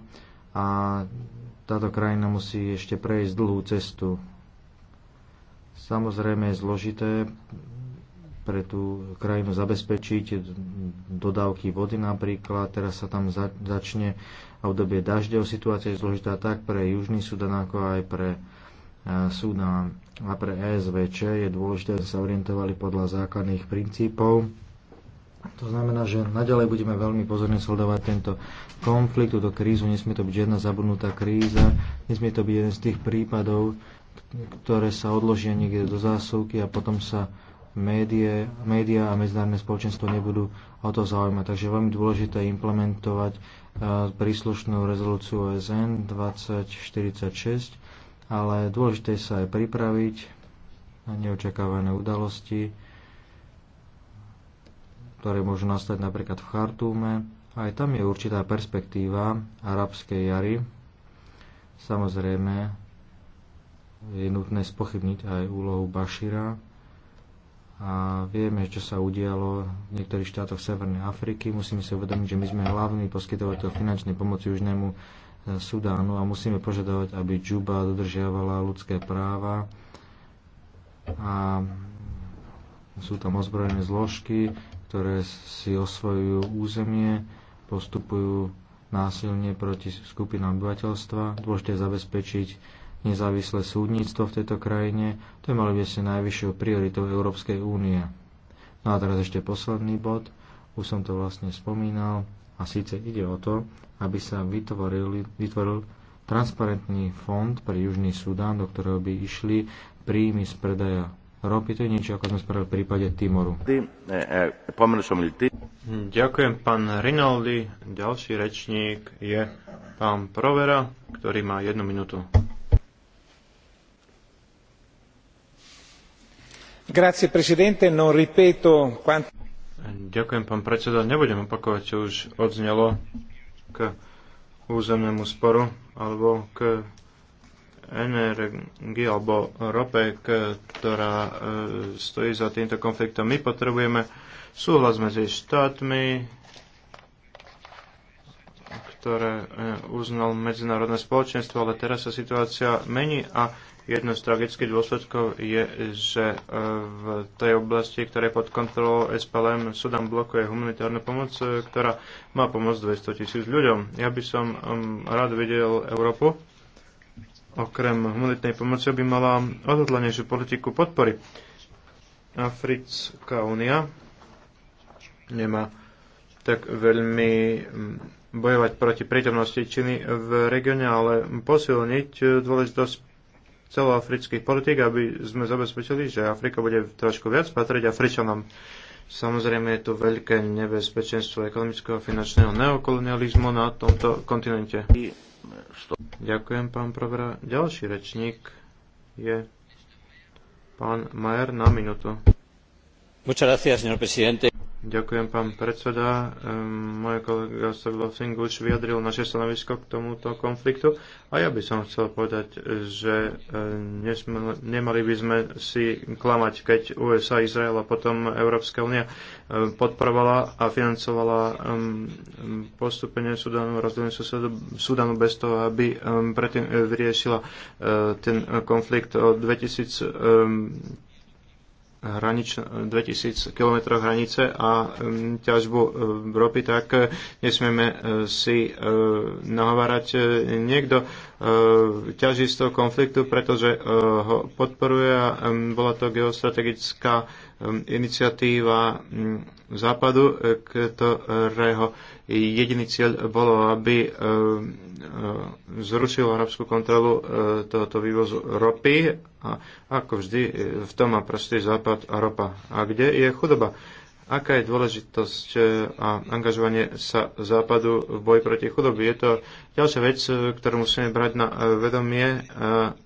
a táto krajina musí ešte prejsť dlhú cestu. Samozrejme je zložité pre tú krajinu zabezpečiť dodávky vody napríklad. Teraz sa tam začne obdobie dažďov. Situácia je zložitá tak pre Južný Sudan, ako aj pre eh, Sudán a pre ESVČ je dôležité, aby sa orientovali podľa základných princípov. To znamená, že naďalej budeme veľmi pozorne sledovať tento konflikt, túto krízu. Nesmie to byť žiadna zabudnutá kríza, nesmie to byť jeden z tých prípadov, ktoré sa odložia niekde do zásuvky a potom sa médie, média a medzinárodné spoločenstvo nebudú o to zaujímať. Takže je veľmi dôležité implementovať e, príslušnú rezolúciu OSN 2046 ale dôležité sa je pripraviť na neočakávané udalosti, ktoré môžu nastať napríklad v Chartúme. Aj tam je určitá perspektíva arabskej jary. Samozrejme, je nutné spochybniť aj úlohu Bašira, a vieme, čo sa udialo v niektorých štátoch Severnej Afriky. Musíme si uvedomiť, že my sme hlavný poskytovateľ finančnej pomoci Južnému Sudánu a musíme požadovať, aby Džuba dodržiavala ľudské práva a sú tam ozbrojené zložky, ktoré si osvojujú územie, postupujú násilne proti skupinám obyvateľstva. Dôležité je zabezpečiť nezávislé súdnictvo v tejto krajine. To je malo by si najvyššou prioritou Európskej únie. No a teraz ešte posledný bod. Už som to vlastne spomínal a síce ide o to, aby sa vytvoril, transparentný fond pre Južný Sudán, do ktorého by išli príjmy z predaja ropy. To je niečo, ako sme spravili v prípade Timoru. Ďakujem, pán Rinaldi. Ďalší rečník je pán Provera, ktorý má jednu minútu. Grazie Presidente, non ripeto quanto... Ďakujem, pán predseda. Nebudem opakovať, čo už odznelo k územnému sporu alebo k energii alebo rope, ktorá e, stojí za týmto konfliktom. My potrebujeme súhlas medzi štátmi, ktoré e, uznal medzinárodné spoločenstvo, ale teraz sa situácia mení a Jedno z tragických dôsledkov je, že e, v tej oblasti, ktorá je pod kontrolou SPLM, Sudan blokuje humanitárnu pomoc, e, ktorá má pomôcť 200 tisíc ľuďom. Ja by som rád videl Európu, okrem humanitnej pomoci, by mala odhodlanejšiu politiku podpory. Africká únia nemá tak veľmi bojovať proti prítomnosti Číny v regióne, ale posilniť e, dôležitosť celoafrických politik, aby sme zabezpečili, že Afrika bude trošku viac patriť Afričanom. Samozrejme je tu veľké nebezpečenstvo ekonomického a finančného neokolonializmu na tomto kontinente. Ďakujem, pán Provera. Ďalší rečník je pán Majer na minútu. Muchas gracias, señor presidente. Ďakujem, pán predseda. Moje ehm, kolega Savilo Singh už vyjadril naše stanovisko k tomuto konfliktu a ja by som chcel povedať, že ehm, nemali by sme si klamať, keď USA, Izrael a potom Európska únia ehm, podporovala a financovala postupenie Sudanu, rozdelenie Sudanu bez toho, aby predtým eh, vyriešila eh, ten konflikt od 2000 hranič, 2000 km hranice a mm, ťažbu e, ropy, tak e, nesmieme e, si nahovárať. Niekto ťaží z toho konfliktu, pretože ho podporuje a mm, bola to geostrategická iniciatíva mm, Západu, e, ktorého jediný cieľ bolo, aby e, e, zrušil arabskú kontrolu tohoto vývozu ropy. A ako vždy, v tom má proste Západ a ropa. A kde je chudoba? aká je dôležitosť e, a angažovanie sa Západu v boji proti chudobe. Je to ďalšia vec, e, ktorú musíme brať na e, vedomie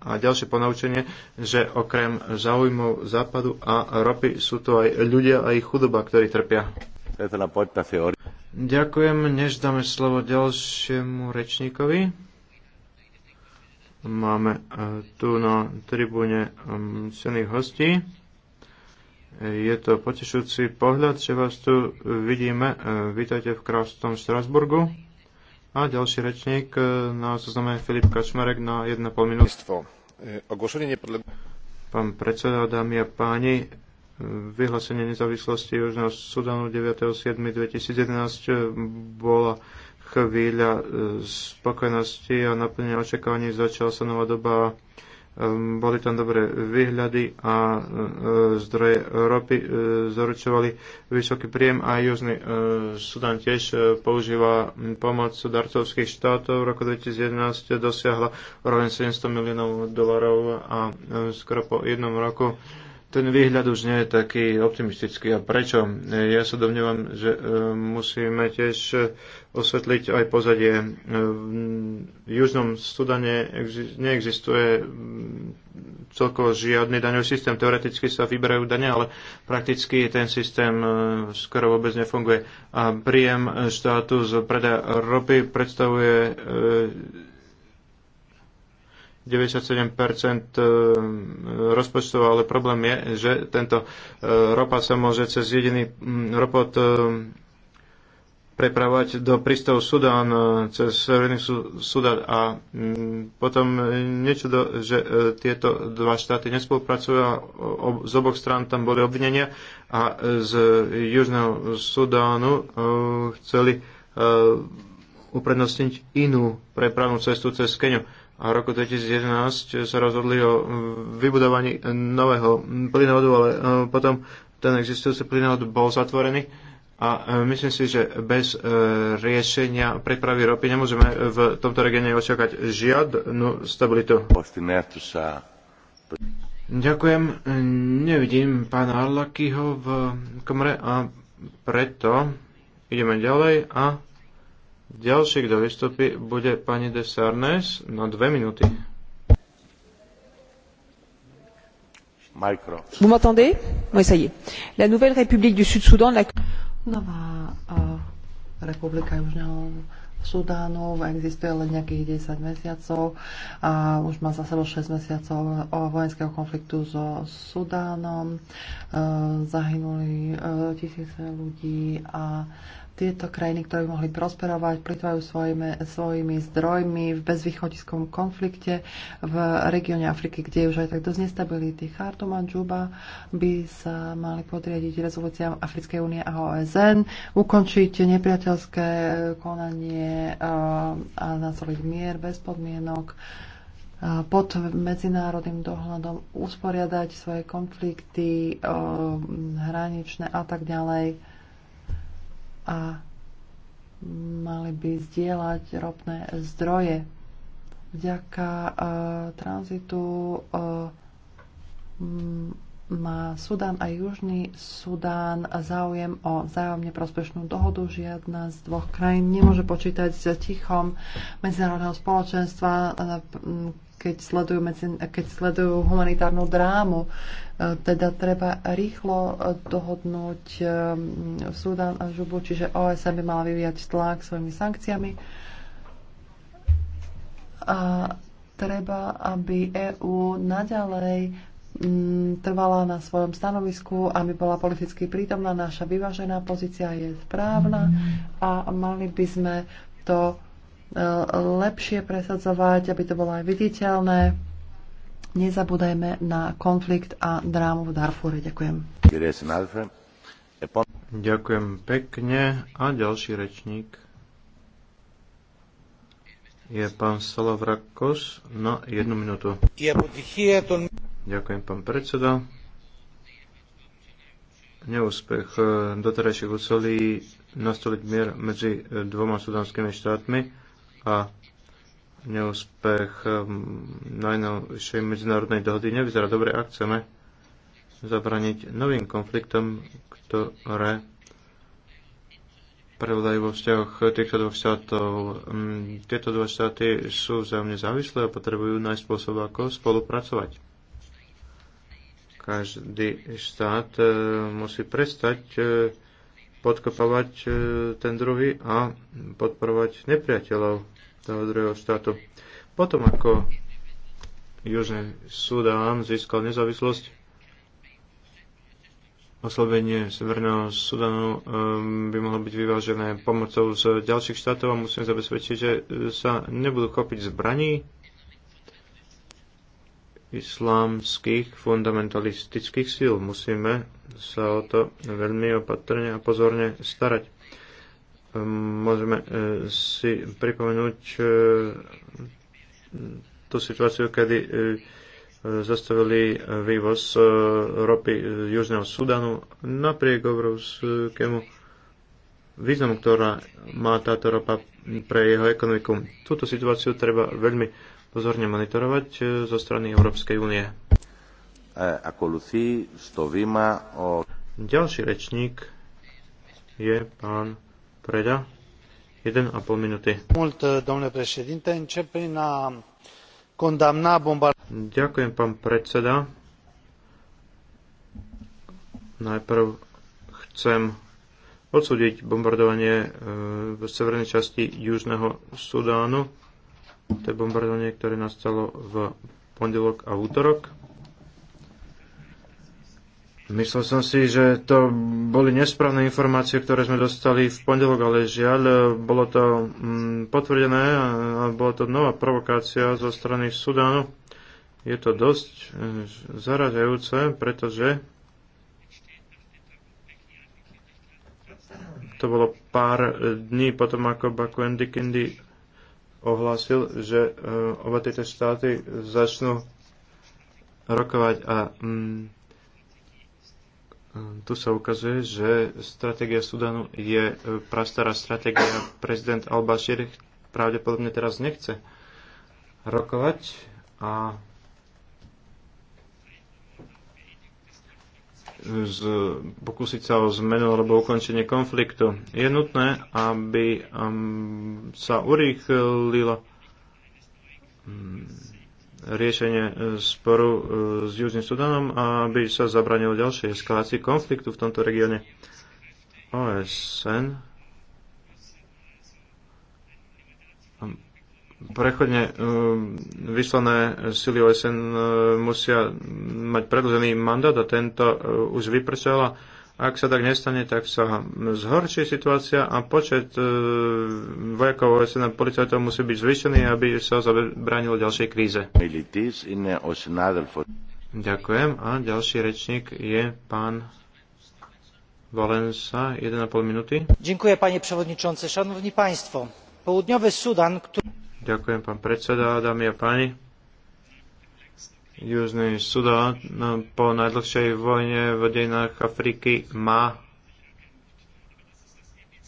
a ďalšie ponaučenie, že okrem záujmov Západu a ropy sú to aj ľudia a ich chudoba, ktorí trpia. Ďakujem, než dáme slovo ďalšiemu rečníkovi. Máme tu na tribúne silných hostí. Je to potešujúci pohľad, že vás tu vidíme. E, Vítajte v krásnom Strasburgu A ďalší rečník e, na zozname Filip Kačmarek na 1,5 minúty. E, Pán predseda, dámy a páni, vyhlásenie nezávislosti Južného Sudanu 9.7.2011 bola chvíľa spokojnosti a naplnenia očakávaní. Začala sa nová doba Ehm, boli tam dobré výhľady a e, e, zdroje ropy e, zaručovali vysoký príjem a Južný Sudan tiež používa pomoc darcovských štátov. V roku 2011 dosiahla úroveň 700 miliónov dolarov a skoro po jednom roku ten výhľad už nie je taký optimistický. A prečo? Ja sa domnievam, že e, musíme tiež e, osvetliť aj pozadie. E, v Južnom Sudane neexistuje mm, celko žiadny daňový systém. Teoreticky sa vyberajú dane, ale prakticky ten systém skoro vôbec nefunguje. A príjem štátu z predaja ropy predstavuje 97% eh, rozpočtov, ale problém je, že tento eh, ropa sa môže cez jediný mm, ropot eh, prepravovať do prístavu Sudán cez Severný Sudan a mm, potom niečo, do, že tieto dva štáty nespolupracujú a z oboch strán tam boli obvinenia a z Južného Sudánu chceli uprednostniť inú prepravnú cestu cez Keniu a v roku 2011 sa rozhodli o mm, vybudovaní nového plynovodu, ale e, potom ten existujúci plynovod bol zatvorený a e, myslím si, že bez e, riešenia prepravy ropy nemôžeme v tomto regióne očakať žiadnu stabilitu. Ďakujem. Nevidím pána Arlakyho v komore a preto ideme ďalej a ďalší, kto vystúpi, bude pani de Sarnes na dve minúty. Micro. Vous m'entendez Oui, ça y est. La nouvelle République du Sud-Soudan... La... Nová uh, republika Južného Sudánu existuje len nejakých 10 mesiacov a už má za sebou 6 mesiacov vojenského konfliktu so Sudánom. E, zahynuli e, tisíce ľudí a e, tieto krajiny, ktoré by mohli prosperovať, plitvajú svojimi, svojimi zdrojmi v bezvýchodiskom konflikte v regióne Afriky, kde je už aj tak dosť nestability. Chartum a Džuba by sa mali podriadiť rezolúciám Africkej únie a OSN, ukončiť nepriateľské konanie eh, a nastoliť mier bez podmienok eh, pod medzinárodným dohľadom usporiadať svoje konflikty, eh, hraničné a tak ďalej a mali by zdieľať ropné zdroje. Vďaka uh, tranzitu uh, má Sudán a Južný Sudán záujem o vzájomne prospešnú dohodu. Žiadna z dvoch krajín nemôže počítať s tichom medzinárodného spoločenstva, e, keď sledujú, medzi, keď sledujú humanitárnu drámu. E, teda treba rýchlo e, dohodnúť e, Súdan a Žubu, čiže OSN by mala vyvíjať tlak svojimi sankciami. A treba, aby EÚ naďalej mm, trvala na svojom stanovisku, aby bola politicky prítomná. Naša vyvážená pozícia je správna mhm. a mali by sme to lepšie presadzovať, aby to bolo aj viditeľné. Nezabúdajme na konflikt a drámu v Darfúre. Ďakujem. Ďakujem pekne. A ďalší rečník je pán Salavrakos na jednu minútu. Ďakujem, pán predseda. Neúspech doterajších úsilí nastoliť mier medzi dvoma sudanskými štátmi a neúspech najnovšej medzinárodnej dohody nevyzerá dobre, ak chceme zabraniť novým konfliktom, ktoré prevládajú vo vzťahoch týchto dvoch štátov. Tieto dva štáty sú vzájomne závislé a potrebujú nájsť spôsob, ako spolupracovať. Každý štát e, musí prestať e, podkopávať e, ten druhý a podporovať nepriateľov toho druhého štátu. Potom ako Južný Sudán získal nezávislosť, oslobenie Severného Sudánu um, by mohlo byť vyvážené pomocou z ďalších štátov a musíme zabezpečiť, že e, sa nebudú kopiť zbraní islámskych fundamentalistických síl. Musíme sa o to veľmi opatrne a pozorne starať môžeme e, si pripomenúť e, tú situáciu, kedy e, zastavili vývoz ropy Južného Sudanu napriek obrovskému významu, ktorá má táto ropa pre jeho ekonomiku. Túto situáciu treba veľmi pozorne monitorovať zo strany Európskej únie. Ďalší rečník je pán domnule președinte, încep prin a condamna bombardamentul. Ďakujem, pán predseda. Najprv chcem odsúdiť bombardovanie e, v severnej časti Južného Sudánu. To je bombardovanie, ktoré nastalo v pondelok a v útorok. Myslel som si, že to boli nesprávne informácie, ktoré sme dostali v pondelok, ale žiaľ, bolo to mm, potvrdené a bola to nová provokácia zo strany Sudánu. Je to dosť eh, zaražajúce, pretože to bolo pár eh, dní potom, ako Baku Endikindi ohlásil, že eh, oba tieto štáty začnú rokovať a mm, tu sa ukazuje, že stratégia Sudanu je e, prastará stratégia. Prezident Al-Bashir pravdepodobne teraz nechce rokovať a z, pokúsiť sa o zmenu alebo ukončenie konfliktu. Je nutné, aby um, sa urýchlilo um, riešenie e, sporu e, s Južným Sudanom, aby sa zabranilo ďalšej eskalácii konfliktu v tomto regióne. OSN prechodne e, vyslané sily OSN musia mať predlžený mandát a tento už vypršala. Ak sa tak nestane, tak sa zhorší situácia a počet e, vojakov OSN a policajtov musí byť zvýšený, aby sa zabránilo ďalšej kríze. Ďakujem. A ďalší rečník je pán Valensa, 1,5 minúty. Dziękuję panie przewodniczący. Szanowni państwo, południowy Sudan, który... Ďakujem pán predseda, dámy a páni Južný Sudán po najdlhšej vojne v dejinách Afriky má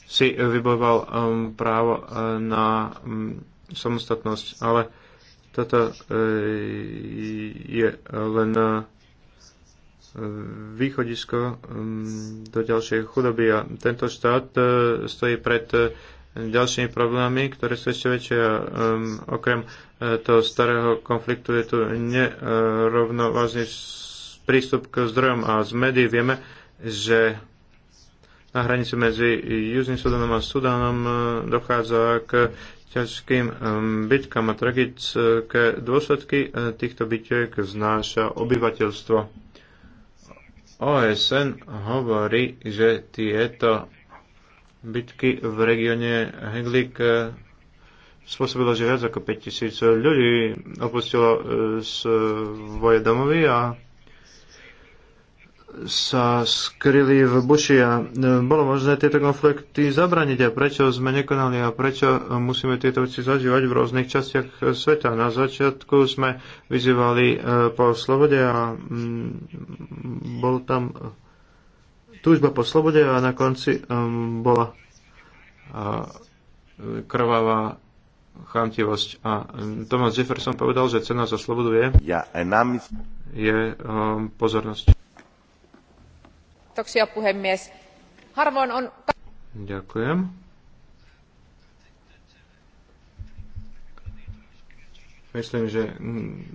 si vybojoval um, právo uh, na um, samostatnosť, ale toto uh, je len uh, východisko um, do ďalšej chudoby a tento štát stojí pred ďalšími problémami, ktoré sú ešte väčšie. Um, okrem e, toho starého konfliktu je tu nerovnovážny prístup k zdrojom a z médií vieme, že na hranici medzi Južným Sudanom a Sudanom e, dochádza k ťažkým e, bitkám a tragické dôsledky týchto bitiek znáša obyvateľstvo. OSN hovorí, že tieto bitky v regióne Henglik eh, spôsobilo, že viac ako 5000 ľudí opustilo eh, svoje domovy a sa skryli v buši a eh, bolo možné tieto konflikty zabraniť a prečo sme nekonali a prečo musíme tieto veci zažívať v rôznych častiach sveta. Na začiatku sme vyzývali po slobode a mm, bol tam túžba po slobode a na konci um, bola uh, krvavá chamtivosť. A um, Thomas Jefferson povedal, že cena za slobodu je, ja, enam... je um, pozornosť. Toksia puhemies. Harvoin on... Ďakujem. Myslím, že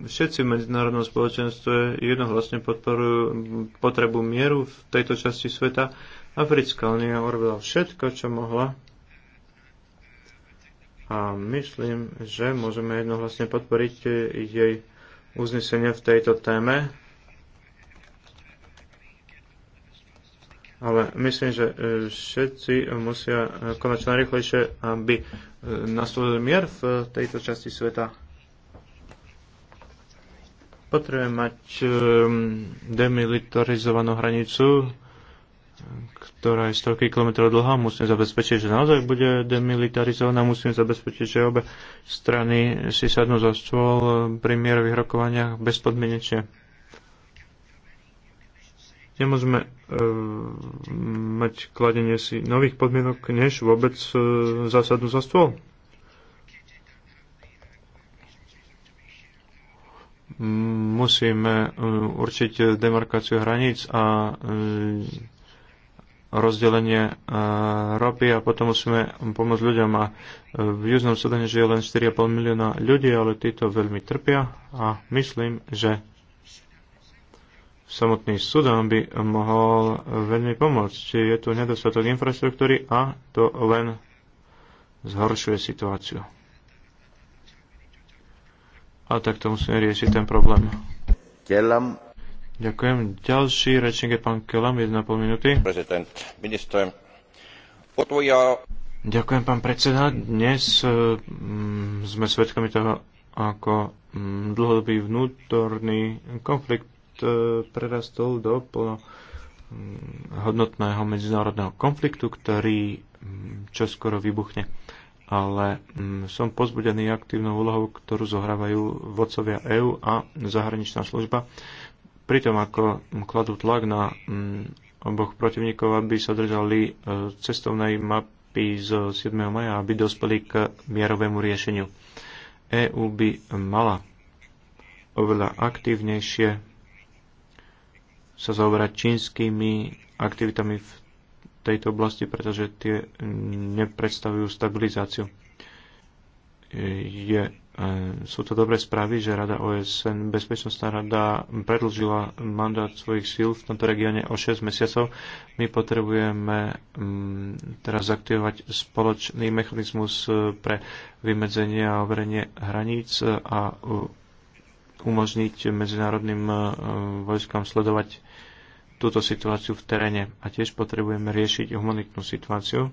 všetci v medzinárodnom spoločenstve jednohlasne podporujú potrebu mieru v tejto časti sveta. Africká unia urobila všetko, čo mohla. A myslím, že môžeme jednohlasne podporiť jej uznesenie v tejto téme. ale myslím, že e, všetci musia konať najrychlejšie, aby e, nastolili mier v tejto časti sveta potrebujem mať ehm, demilitarizovanú hranicu, ktorá je 100 kilometrov dlhá. musím zabezpečiť, že naozaj bude demilitarizovaná. musím zabezpečiť, že obe strany si sadnú za stôl ehm, pri mierových rokovaniach bezpodmienečne. Nemôžeme uh, mať kladenie si nových podmienok, než vôbec uh, zasadnú za stôl. musíme e, určiť demarkáciu hraníc a e, rozdelenie e, ropy a potom musíme pomôcť ľuďom. A v Južnom Sudane žije len 4,5 milióna ľudí, ale títo veľmi trpia a myslím, že samotný Sudan by mohol veľmi pomôcť. Je tu nedostatok infraštruktúry a to len zhoršuje situáciu a to musíme riešiť ten problém. Kelam. Ďakujem. Ďalší rečník je pán Kelam, 1,5 minúty. Prezident, minister, potvoja... Ďakujem, pán predseda. Dnes e, mm, sme svedkami toho, ako mm, dlhodobý vnútorný konflikt e, prerastol do plno mm, hodnotného medzinárodného konfliktu, ktorý mm, čoskoro vybuchne ale mm, som pozbudený aktívnou úlohou, ktorú zohrávajú vodcovia EÚ a zahraničná služba, pritom ako mm, kladú tlak na mm, oboch protivníkov, aby sa držali e, cestovnej mapy z 7. maja, aby dospeli k mierovému riešeniu. EÚ by mala oveľa aktívnejšie sa zaoberať čínskymi aktivitami v tejto oblasti, pretože tie nepredstavujú stabilizáciu. Je, e, sú to dobré správy, že Rada OSN, Bezpečnostná rada, predlžila mandát svojich síl v tomto regióne o 6 mesiacov. My potrebujeme mm, teraz aktivovať spoločný mechanizmus e, pre vymedzenie a overenie hraníc a umožniť medzinárodným e, vojskám sledovať túto situáciu v teréne a tiež potrebujeme riešiť humanitnú situáciu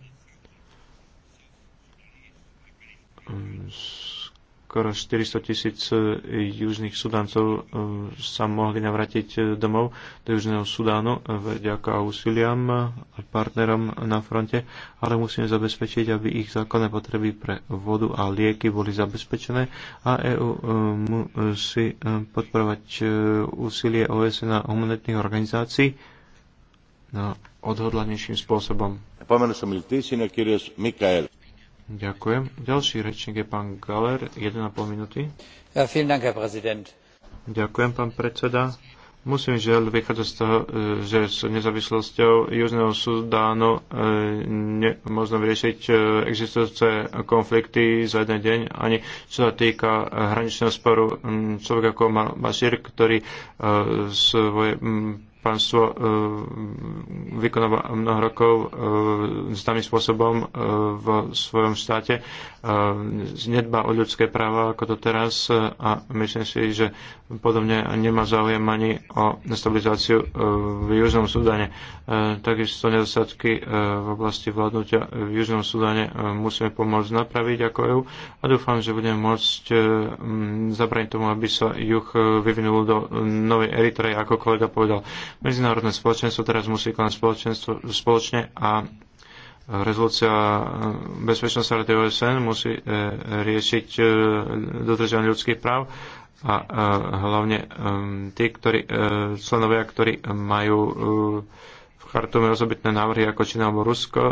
mm, s skoro 400 tisíc e, južných sudáncov e, sa mohli navrátiť e, domov do Južného Sudánu vďaka úsiliam a partnerom na fronte, ale musíme zabezpečiť, aby ich zákonné potreby pre vodu a lieky boli zabezpečené a EU musí podporovať úsilie OSN a humanitných organizácií no, odhodlanejším spôsobom. Pomenul som είναι ο Mikael. Ďakujem. Ďalší rečník je pán Galer, 1,5 minúty. Ja, Dank, Ďakujem, pán predseda. Musím žiaľ vychádzať z toho, e, že s nezávislosťou Južného Sudánu e, ne, možno vyriešiť e, existujúce konflikty za jeden deň, ani čo sa týka hraničného sporu človek ako Mašir, ktorý svoje pánstvo e, vykonáva mnoho rokov e, známym spôsobom e, v svojom štáte. Nedba o ľudské práva ako to teraz a myslím si, že podobne nemá záujem ani o stabilizáciu v Južnom Sudane. Takisto nedostatky v oblasti vládnutia v Južnom Sudane musíme pomôcť napraviť ako EU a dúfam, že budeme môcť zabraniť tomu, aby sa juh vyvinul do novej Eritreje, ako kolega povedal. Medzinárodné spoločenstvo teraz musí konať spoločne a rezolúcia Bezpečnosti Rady OSN musí e, riešiť e, dodržanie ľudských práv a e, hlavne tí, ktorí, členovia, ktorí majú v Chartume osobitné návrhy ako Čína alebo Rusko,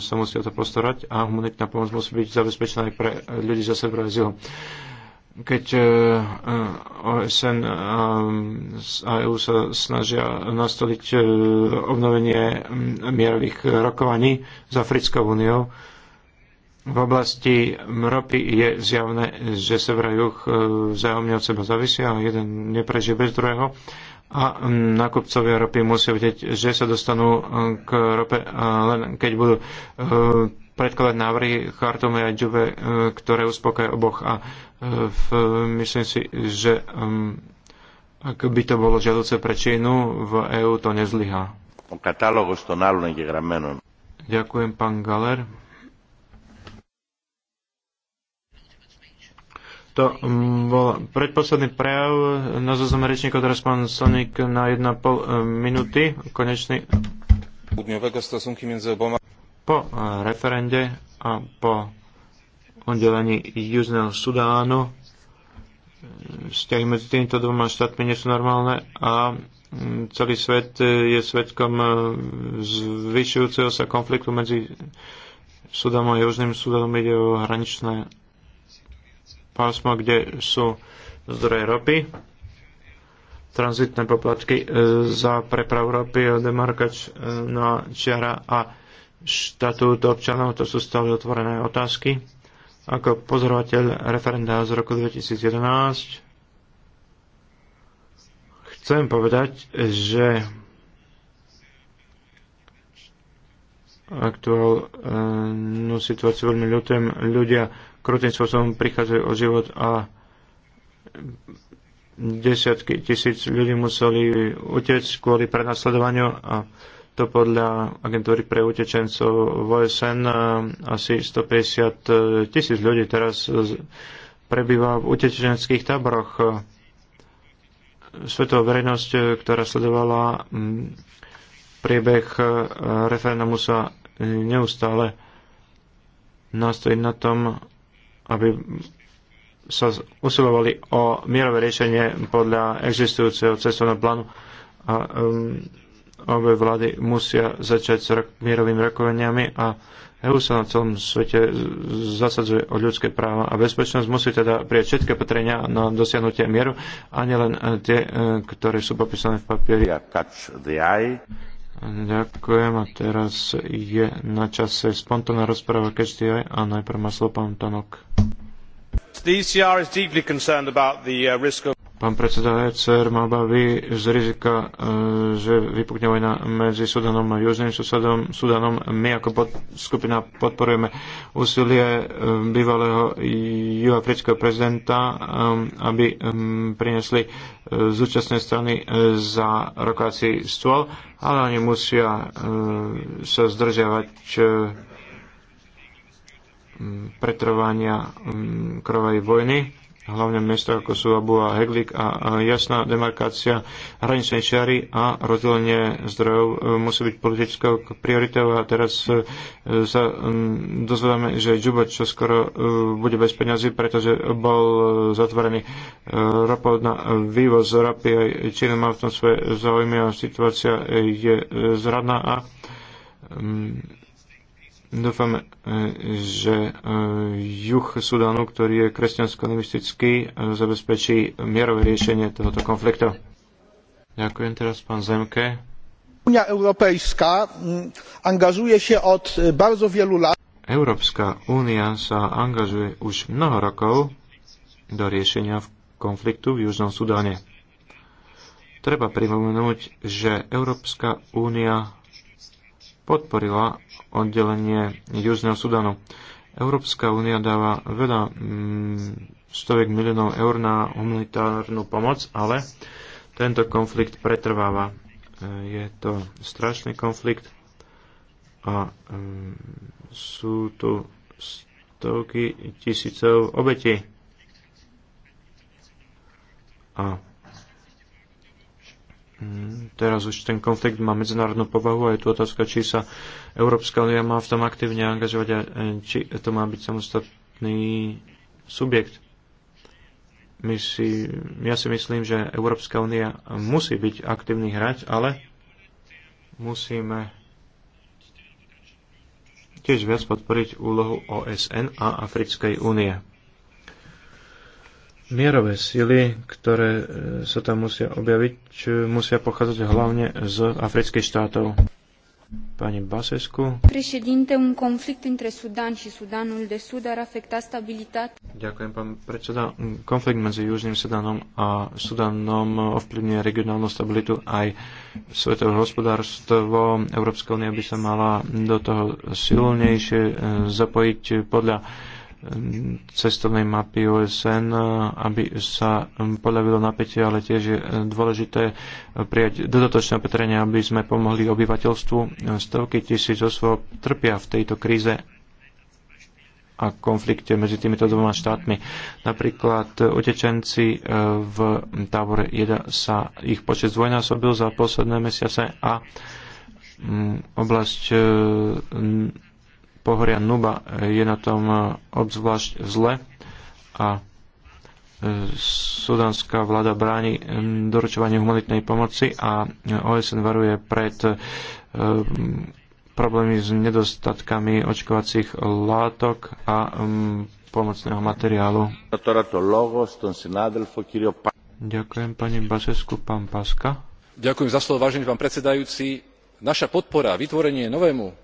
sa musí o to postarať a humanitná pomoc musí byť zabezpečená aj pre ľudí za v Brazíliu keď e, e, OSN e, a EU sa snažia nastoliť obnovenie mierových rokovaní s Africkou úniou, v oblasti ropy je zjavné, že se vraj juh vzájomne od seba zavisia a jeden neprežije bez druhého a nákupcovia ropy musia vedieť, že sa dostanú k rope len keď budú predkladať návrhy Chartome a Džube, e, ktoré uspokajú oboch. A e, v, myslím si, že um, ak by to bolo žiaduce pre Čínu, v EÚ to nezlyhá. Ďakujem, pán Galer. To bol predposledný prejav na zozome rečníkov, teraz pán Sonik na 1,5 minúty, konečný. Po eh, referende a po oddelení Južného Sudánu vzťahy medzi týmito dvoma štátmi nie sú normálne a mm, celý svet eh, je svetkom eh, zvyšujúceho sa konfliktu medzi Sudanom a Južným Sudanom. Ide o hraničné pásmo, kde sú zdroje ropy, tranzitné poplatky za prepravu ropy od demarkač na čiara a štatút občanov, to sú stále otvorené otázky. Ako pozorovateľ referenda z roku 2011 chcem povedať, že aktuálnu situáciu veľmi ľutujem. Ľudia krutým spôsobom prichádzajú o život a desiatky tisíc ľudí museli utiecť kvôli prenasledovaniu a to podľa agentúry pre utečencov v OSN eh, asi 150 eh, tisíc ľudí teraz prebýva v utečenských táboroch. Svetová verejnosť, eh, ktorá sledovala hm, priebeh referendumu sa neustále nastojí na tom, aby sa usilovali o mierové riešenie podľa existujúceho cestovného plánu. A, um, obe vlády musia začať s rok, mierovými rokovaniami a EU sa na celom svete zasadzuje o ľudské práva a bezpečnosť musí teda prijať všetky opatrenia na dosiahnutie mieru a nielen e, tie, e, ktoré sú popísané v papieri. Ďakujem a teraz je na čase spontánna rozpráva Catch the Eye a najprv má slovo pán Tanok. The ECR is deeply concerned about the uh, risk of Pán predseda ECR má obavy z rizika, e, že vypukne vojna medzi Sudanom a južným susedom Sudanom. My ako pod, skupina podporujeme úsilie e, bývalého juafrického prezidenta, e, aby priniesli účastnej strany za rokovací stôl, ale oni musia sa zdržiavať pretrvania krovej vojny hlavne mesta ako sú Abu a Heglik a jasná demarkácia hraničnej čiary a rozdelenie zdrojov e, musí byť politickou prioritou a teraz e, sa dozvedáme, že Džuba čo skoro e, bude bez peňazí, pretože bol zatvorený ropov na vývoz ropy a Čína má v tom svoje záujmy a situácia je zradná a Dúfam, e, že e, juh Sudánu, ktorý je kresťansko-lingvistický, e, zabezpečí mierové riešenie tohoto konfliktu. Ďakujem teraz pán Zemke. Unia Europejska angažuje sa od bardzo wielu lat. Európska únia sa angažuje už mnoho rokov do riešenia konfliktu v Južnom Sudáne. Treba pripomenúť, že Európska únia podporila oddelenie Južného Sudanu. Európska únia dáva veľa mm, stoviek miliónov eur na humanitárnu pomoc, ale tento konflikt pretrváva. E, je to strašný konflikt a mm, sú tu stovky tisícov obetí. A Mm, teraz už ten konflikt má medzinárodnú povahu a je tu otázka, či sa Európska únia má v tom aktívne angažovať a e, či to má byť samostatný subjekt. My si, ja si myslím, že Európska únia musí byť aktívny hráč, ale musíme tiež viac podporiť úlohu OSN a Africkej únie. Mierové sily, ktoré e, sa tam musia objaviť, e, musia pochádzať hlavne z afrických štátov. Pani Basescu. Președinte, un conflict între Sudan și Sudanul de Sud ar afecta stabilitatea. Ďakujem, pán predseda. Konflikt medzi Južným Sudanom a Sudanom ovplyvňuje regionálnu stabilitu aj svetové hospodárstvo. Európska únia by sa mala do toho silnejšie e, zapojiť podľa cestovnej mapy OSN, aby sa podľavilo napätie, ale tiež je dôležité prijať dodatočné opatrenia, aby sme pomohli obyvateľstvu. Stovky tisíc osôb trpia v tejto kríze a konflikte medzi týmito dvoma štátmi. Napríklad utečenci e, v tábore 1 sa ich počet zdvojnásobil za posledné mesiace a mm, oblasť e, pohoria Nuba e, je na tom e, obzvlášť zle a e, sudanská vláda bráni doručovanie humanitnej pomoci a OSN varuje pred problémy s nedostatkami očkovacích látok a pomocného materiálu. Ďakujem pani Basesku, pán Paska. Ďakujem za slovo, vážený pán predsedajúci. Naša podpora vytvorenie novému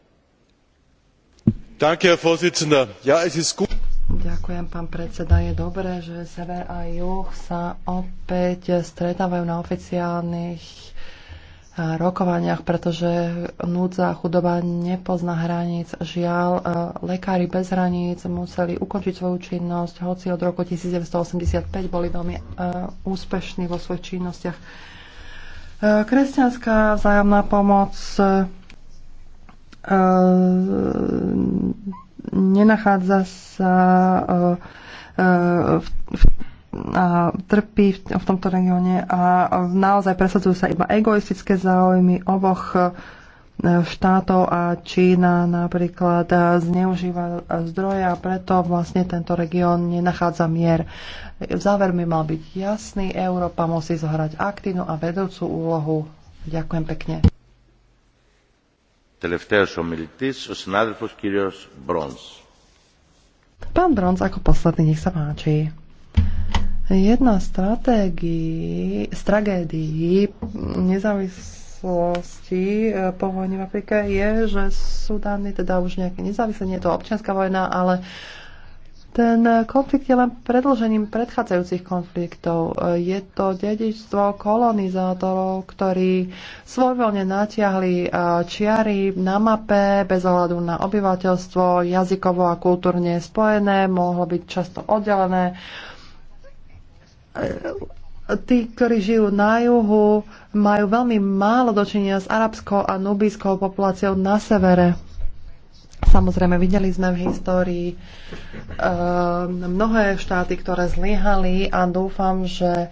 Ďakujem, pán predseda. Je dobré, že sever a juh sa opäť stretávajú na oficiálnych eh, rokovaniach, pretože núdza a chudoba nepozná hraníc. Žiaľ, eh, lekári bez hraníc museli ukončiť svoju činnosť, hoci od roku 1985 boli veľmi eh, úspešní vo svojich činnostiach. Kresťanská vzájomná pomoc E, nenachádza sa e, e, v, v, a trpí v, v tomto regióne a naozaj presadzujú sa iba egoistické záujmy oboch štátov a Čína napríklad zneužíva zdroje a preto vlastne tento región nenachádza mier. Záver mi mal byť jasný, Európa musí zohrať aktívnu a vedúcu úlohu. Ďakujem pekne. Pán Bronz ako posledný, nech sa páči. Jedna z tragédií nezávislosti eh, po vojne v Afrike je, že Sudány teda už nejaké nezávislé, nie je to občianská vojna, ale uh, ten konflikt je len predlžením predchádzajúcich konfliktov. Je to dedičstvo kolonizátorov, ktorí svojvoľne natiahli eh, čiary na mape bez ohľadu na obyvateľstvo, jazykovo a kultúrne spojené, mohlo byť často oddelené. Eh, tí, ktorí žijú na juhu, majú veľmi málo dočinenia s arabskou a nubijskou populáciou na severe Samozrejme, videli sme v histórii e, mnohé štáty, ktoré zlyhali a dúfam, že e,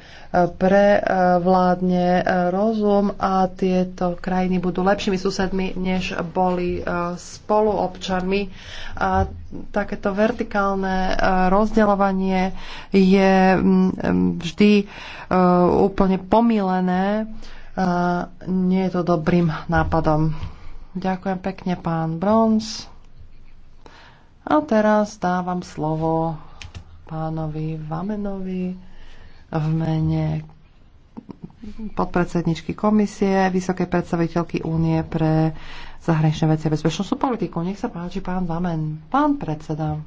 prevládne e, rozum a tieto krajiny budú lepšími susedmi, než boli e, spoluobčanmi. A takéto vertikálne rozdeľovanie je vždy úplne pomílené. Nie je to dobrým nápadom. Ďakujem pekne, pán Brons. A teraz dávam slovo pánovi Vamenovi v mene podpredsedničky komisie, vysokej predstaviteľky únie pre zahraničné veci a bezpečnostnú politiku. Nech sa páči, pán Vamen, pán predseda,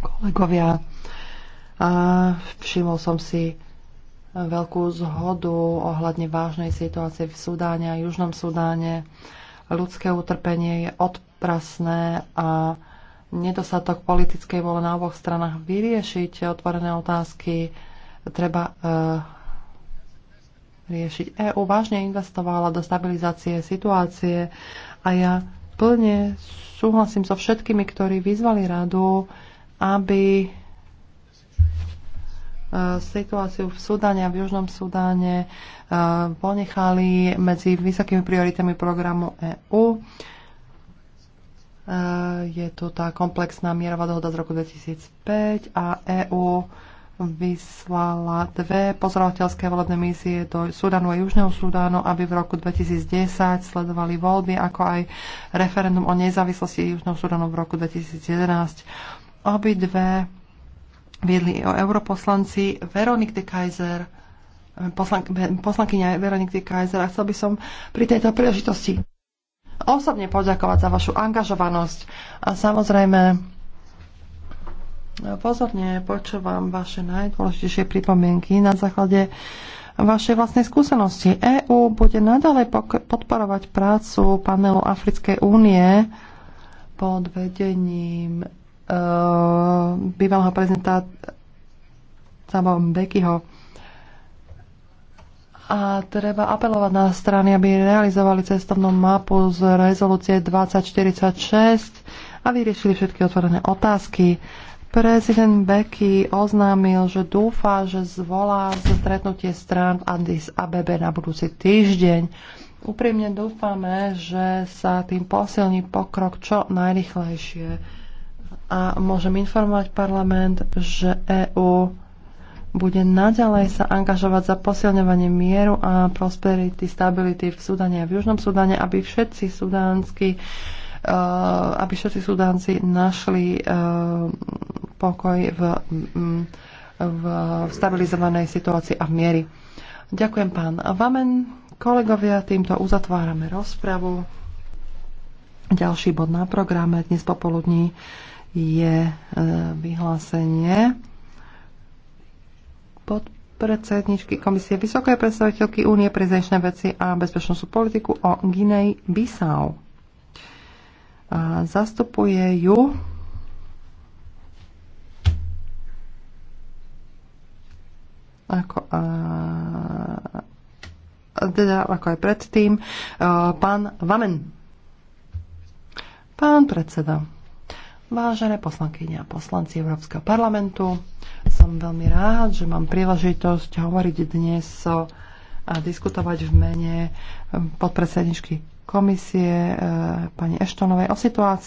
kolegovia. A všimol som si veľkú zhodu ohľadne vážnej situácie v Sudáne a Južnom Sudáne. Ľudské utrpenie je odprasné a nedostatok politickej vole na oboch stranách vyriešiť otvorené otázky. Treba eh, riešiť. EÚ vážne investovala do stabilizácie situácie a ja plne súhlasím so všetkými, ktorí vyzvali radu, aby eh, situáciu v Sudáne a v Južnom Sudáne eh, ponechali medzi vysokými prioritami programu EÚ. Eh, je tu tá komplexná mierová dohoda z roku 2005 a EÚ vyslala dve pozorovateľské volebné misie do Sudanu a Južného Sudánu, aby v roku 2010 sledovali voľby, ako aj referendum o nezávislosti Južného Sudánu v roku 2011. Obidve viedli o europoslanci Veronik de Kaiser, eh, poslankyňa Veronik de Kaiser a chcel by som pri tejto príležitosti osobne poďakovať za vašu angažovanosť a samozrejme pozorne počúvam vaše najdôležitejšie pripomienky na základe vašej vlastnej skúsenosti. EÚ bude naďalej podporovať prácu panelu Africkej únie pod vedením uh, bývalého prezidenta Thabo Bekyho a treba apelovať na strany, aby realizovali cestovnú mapu z rezolúcie 2046 a vyriešili všetky otvorené otázky. Prezident Becky oznámil, že dúfa, že zvolá stretnutie strán v Addis Abebe na budúci týždeň. Úprimne dúfame, že sa tým posilní pokrok čo najrychlejšie. A môžem informovať parlament, že EÚ bude naďalej sa angažovať za posilňovanie mieru a prosperity, stability v Sudane a v Južnom Sudane, aby všetci sudánsky eh, aby všetci Sudánci našli eh, pokoj mm, v, v stabilizovanej situácii a v miery. Ďakujem pán Vamen. Kolegovia, týmto uzatvárame rozpravu. Ďalší bod na programe dnes popoludní je eh, vyhlásenie podpredsedničky Komisie Vysokej predstaviteľky Únie pre zahraničné veci a bezpečnostnú politiku o Ginej Bissau. Zastupuje ju ako, a, teda, ako aj predtým, pán Vamen. Pán predseda. Vážené poslankyne a poslanci Európskeho parlamentu, som veľmi rád, že mám príležitosť hovoriť dnes a diskutovať v mene eh, podpredsedničky komisie e, pani Eštonovej o situácii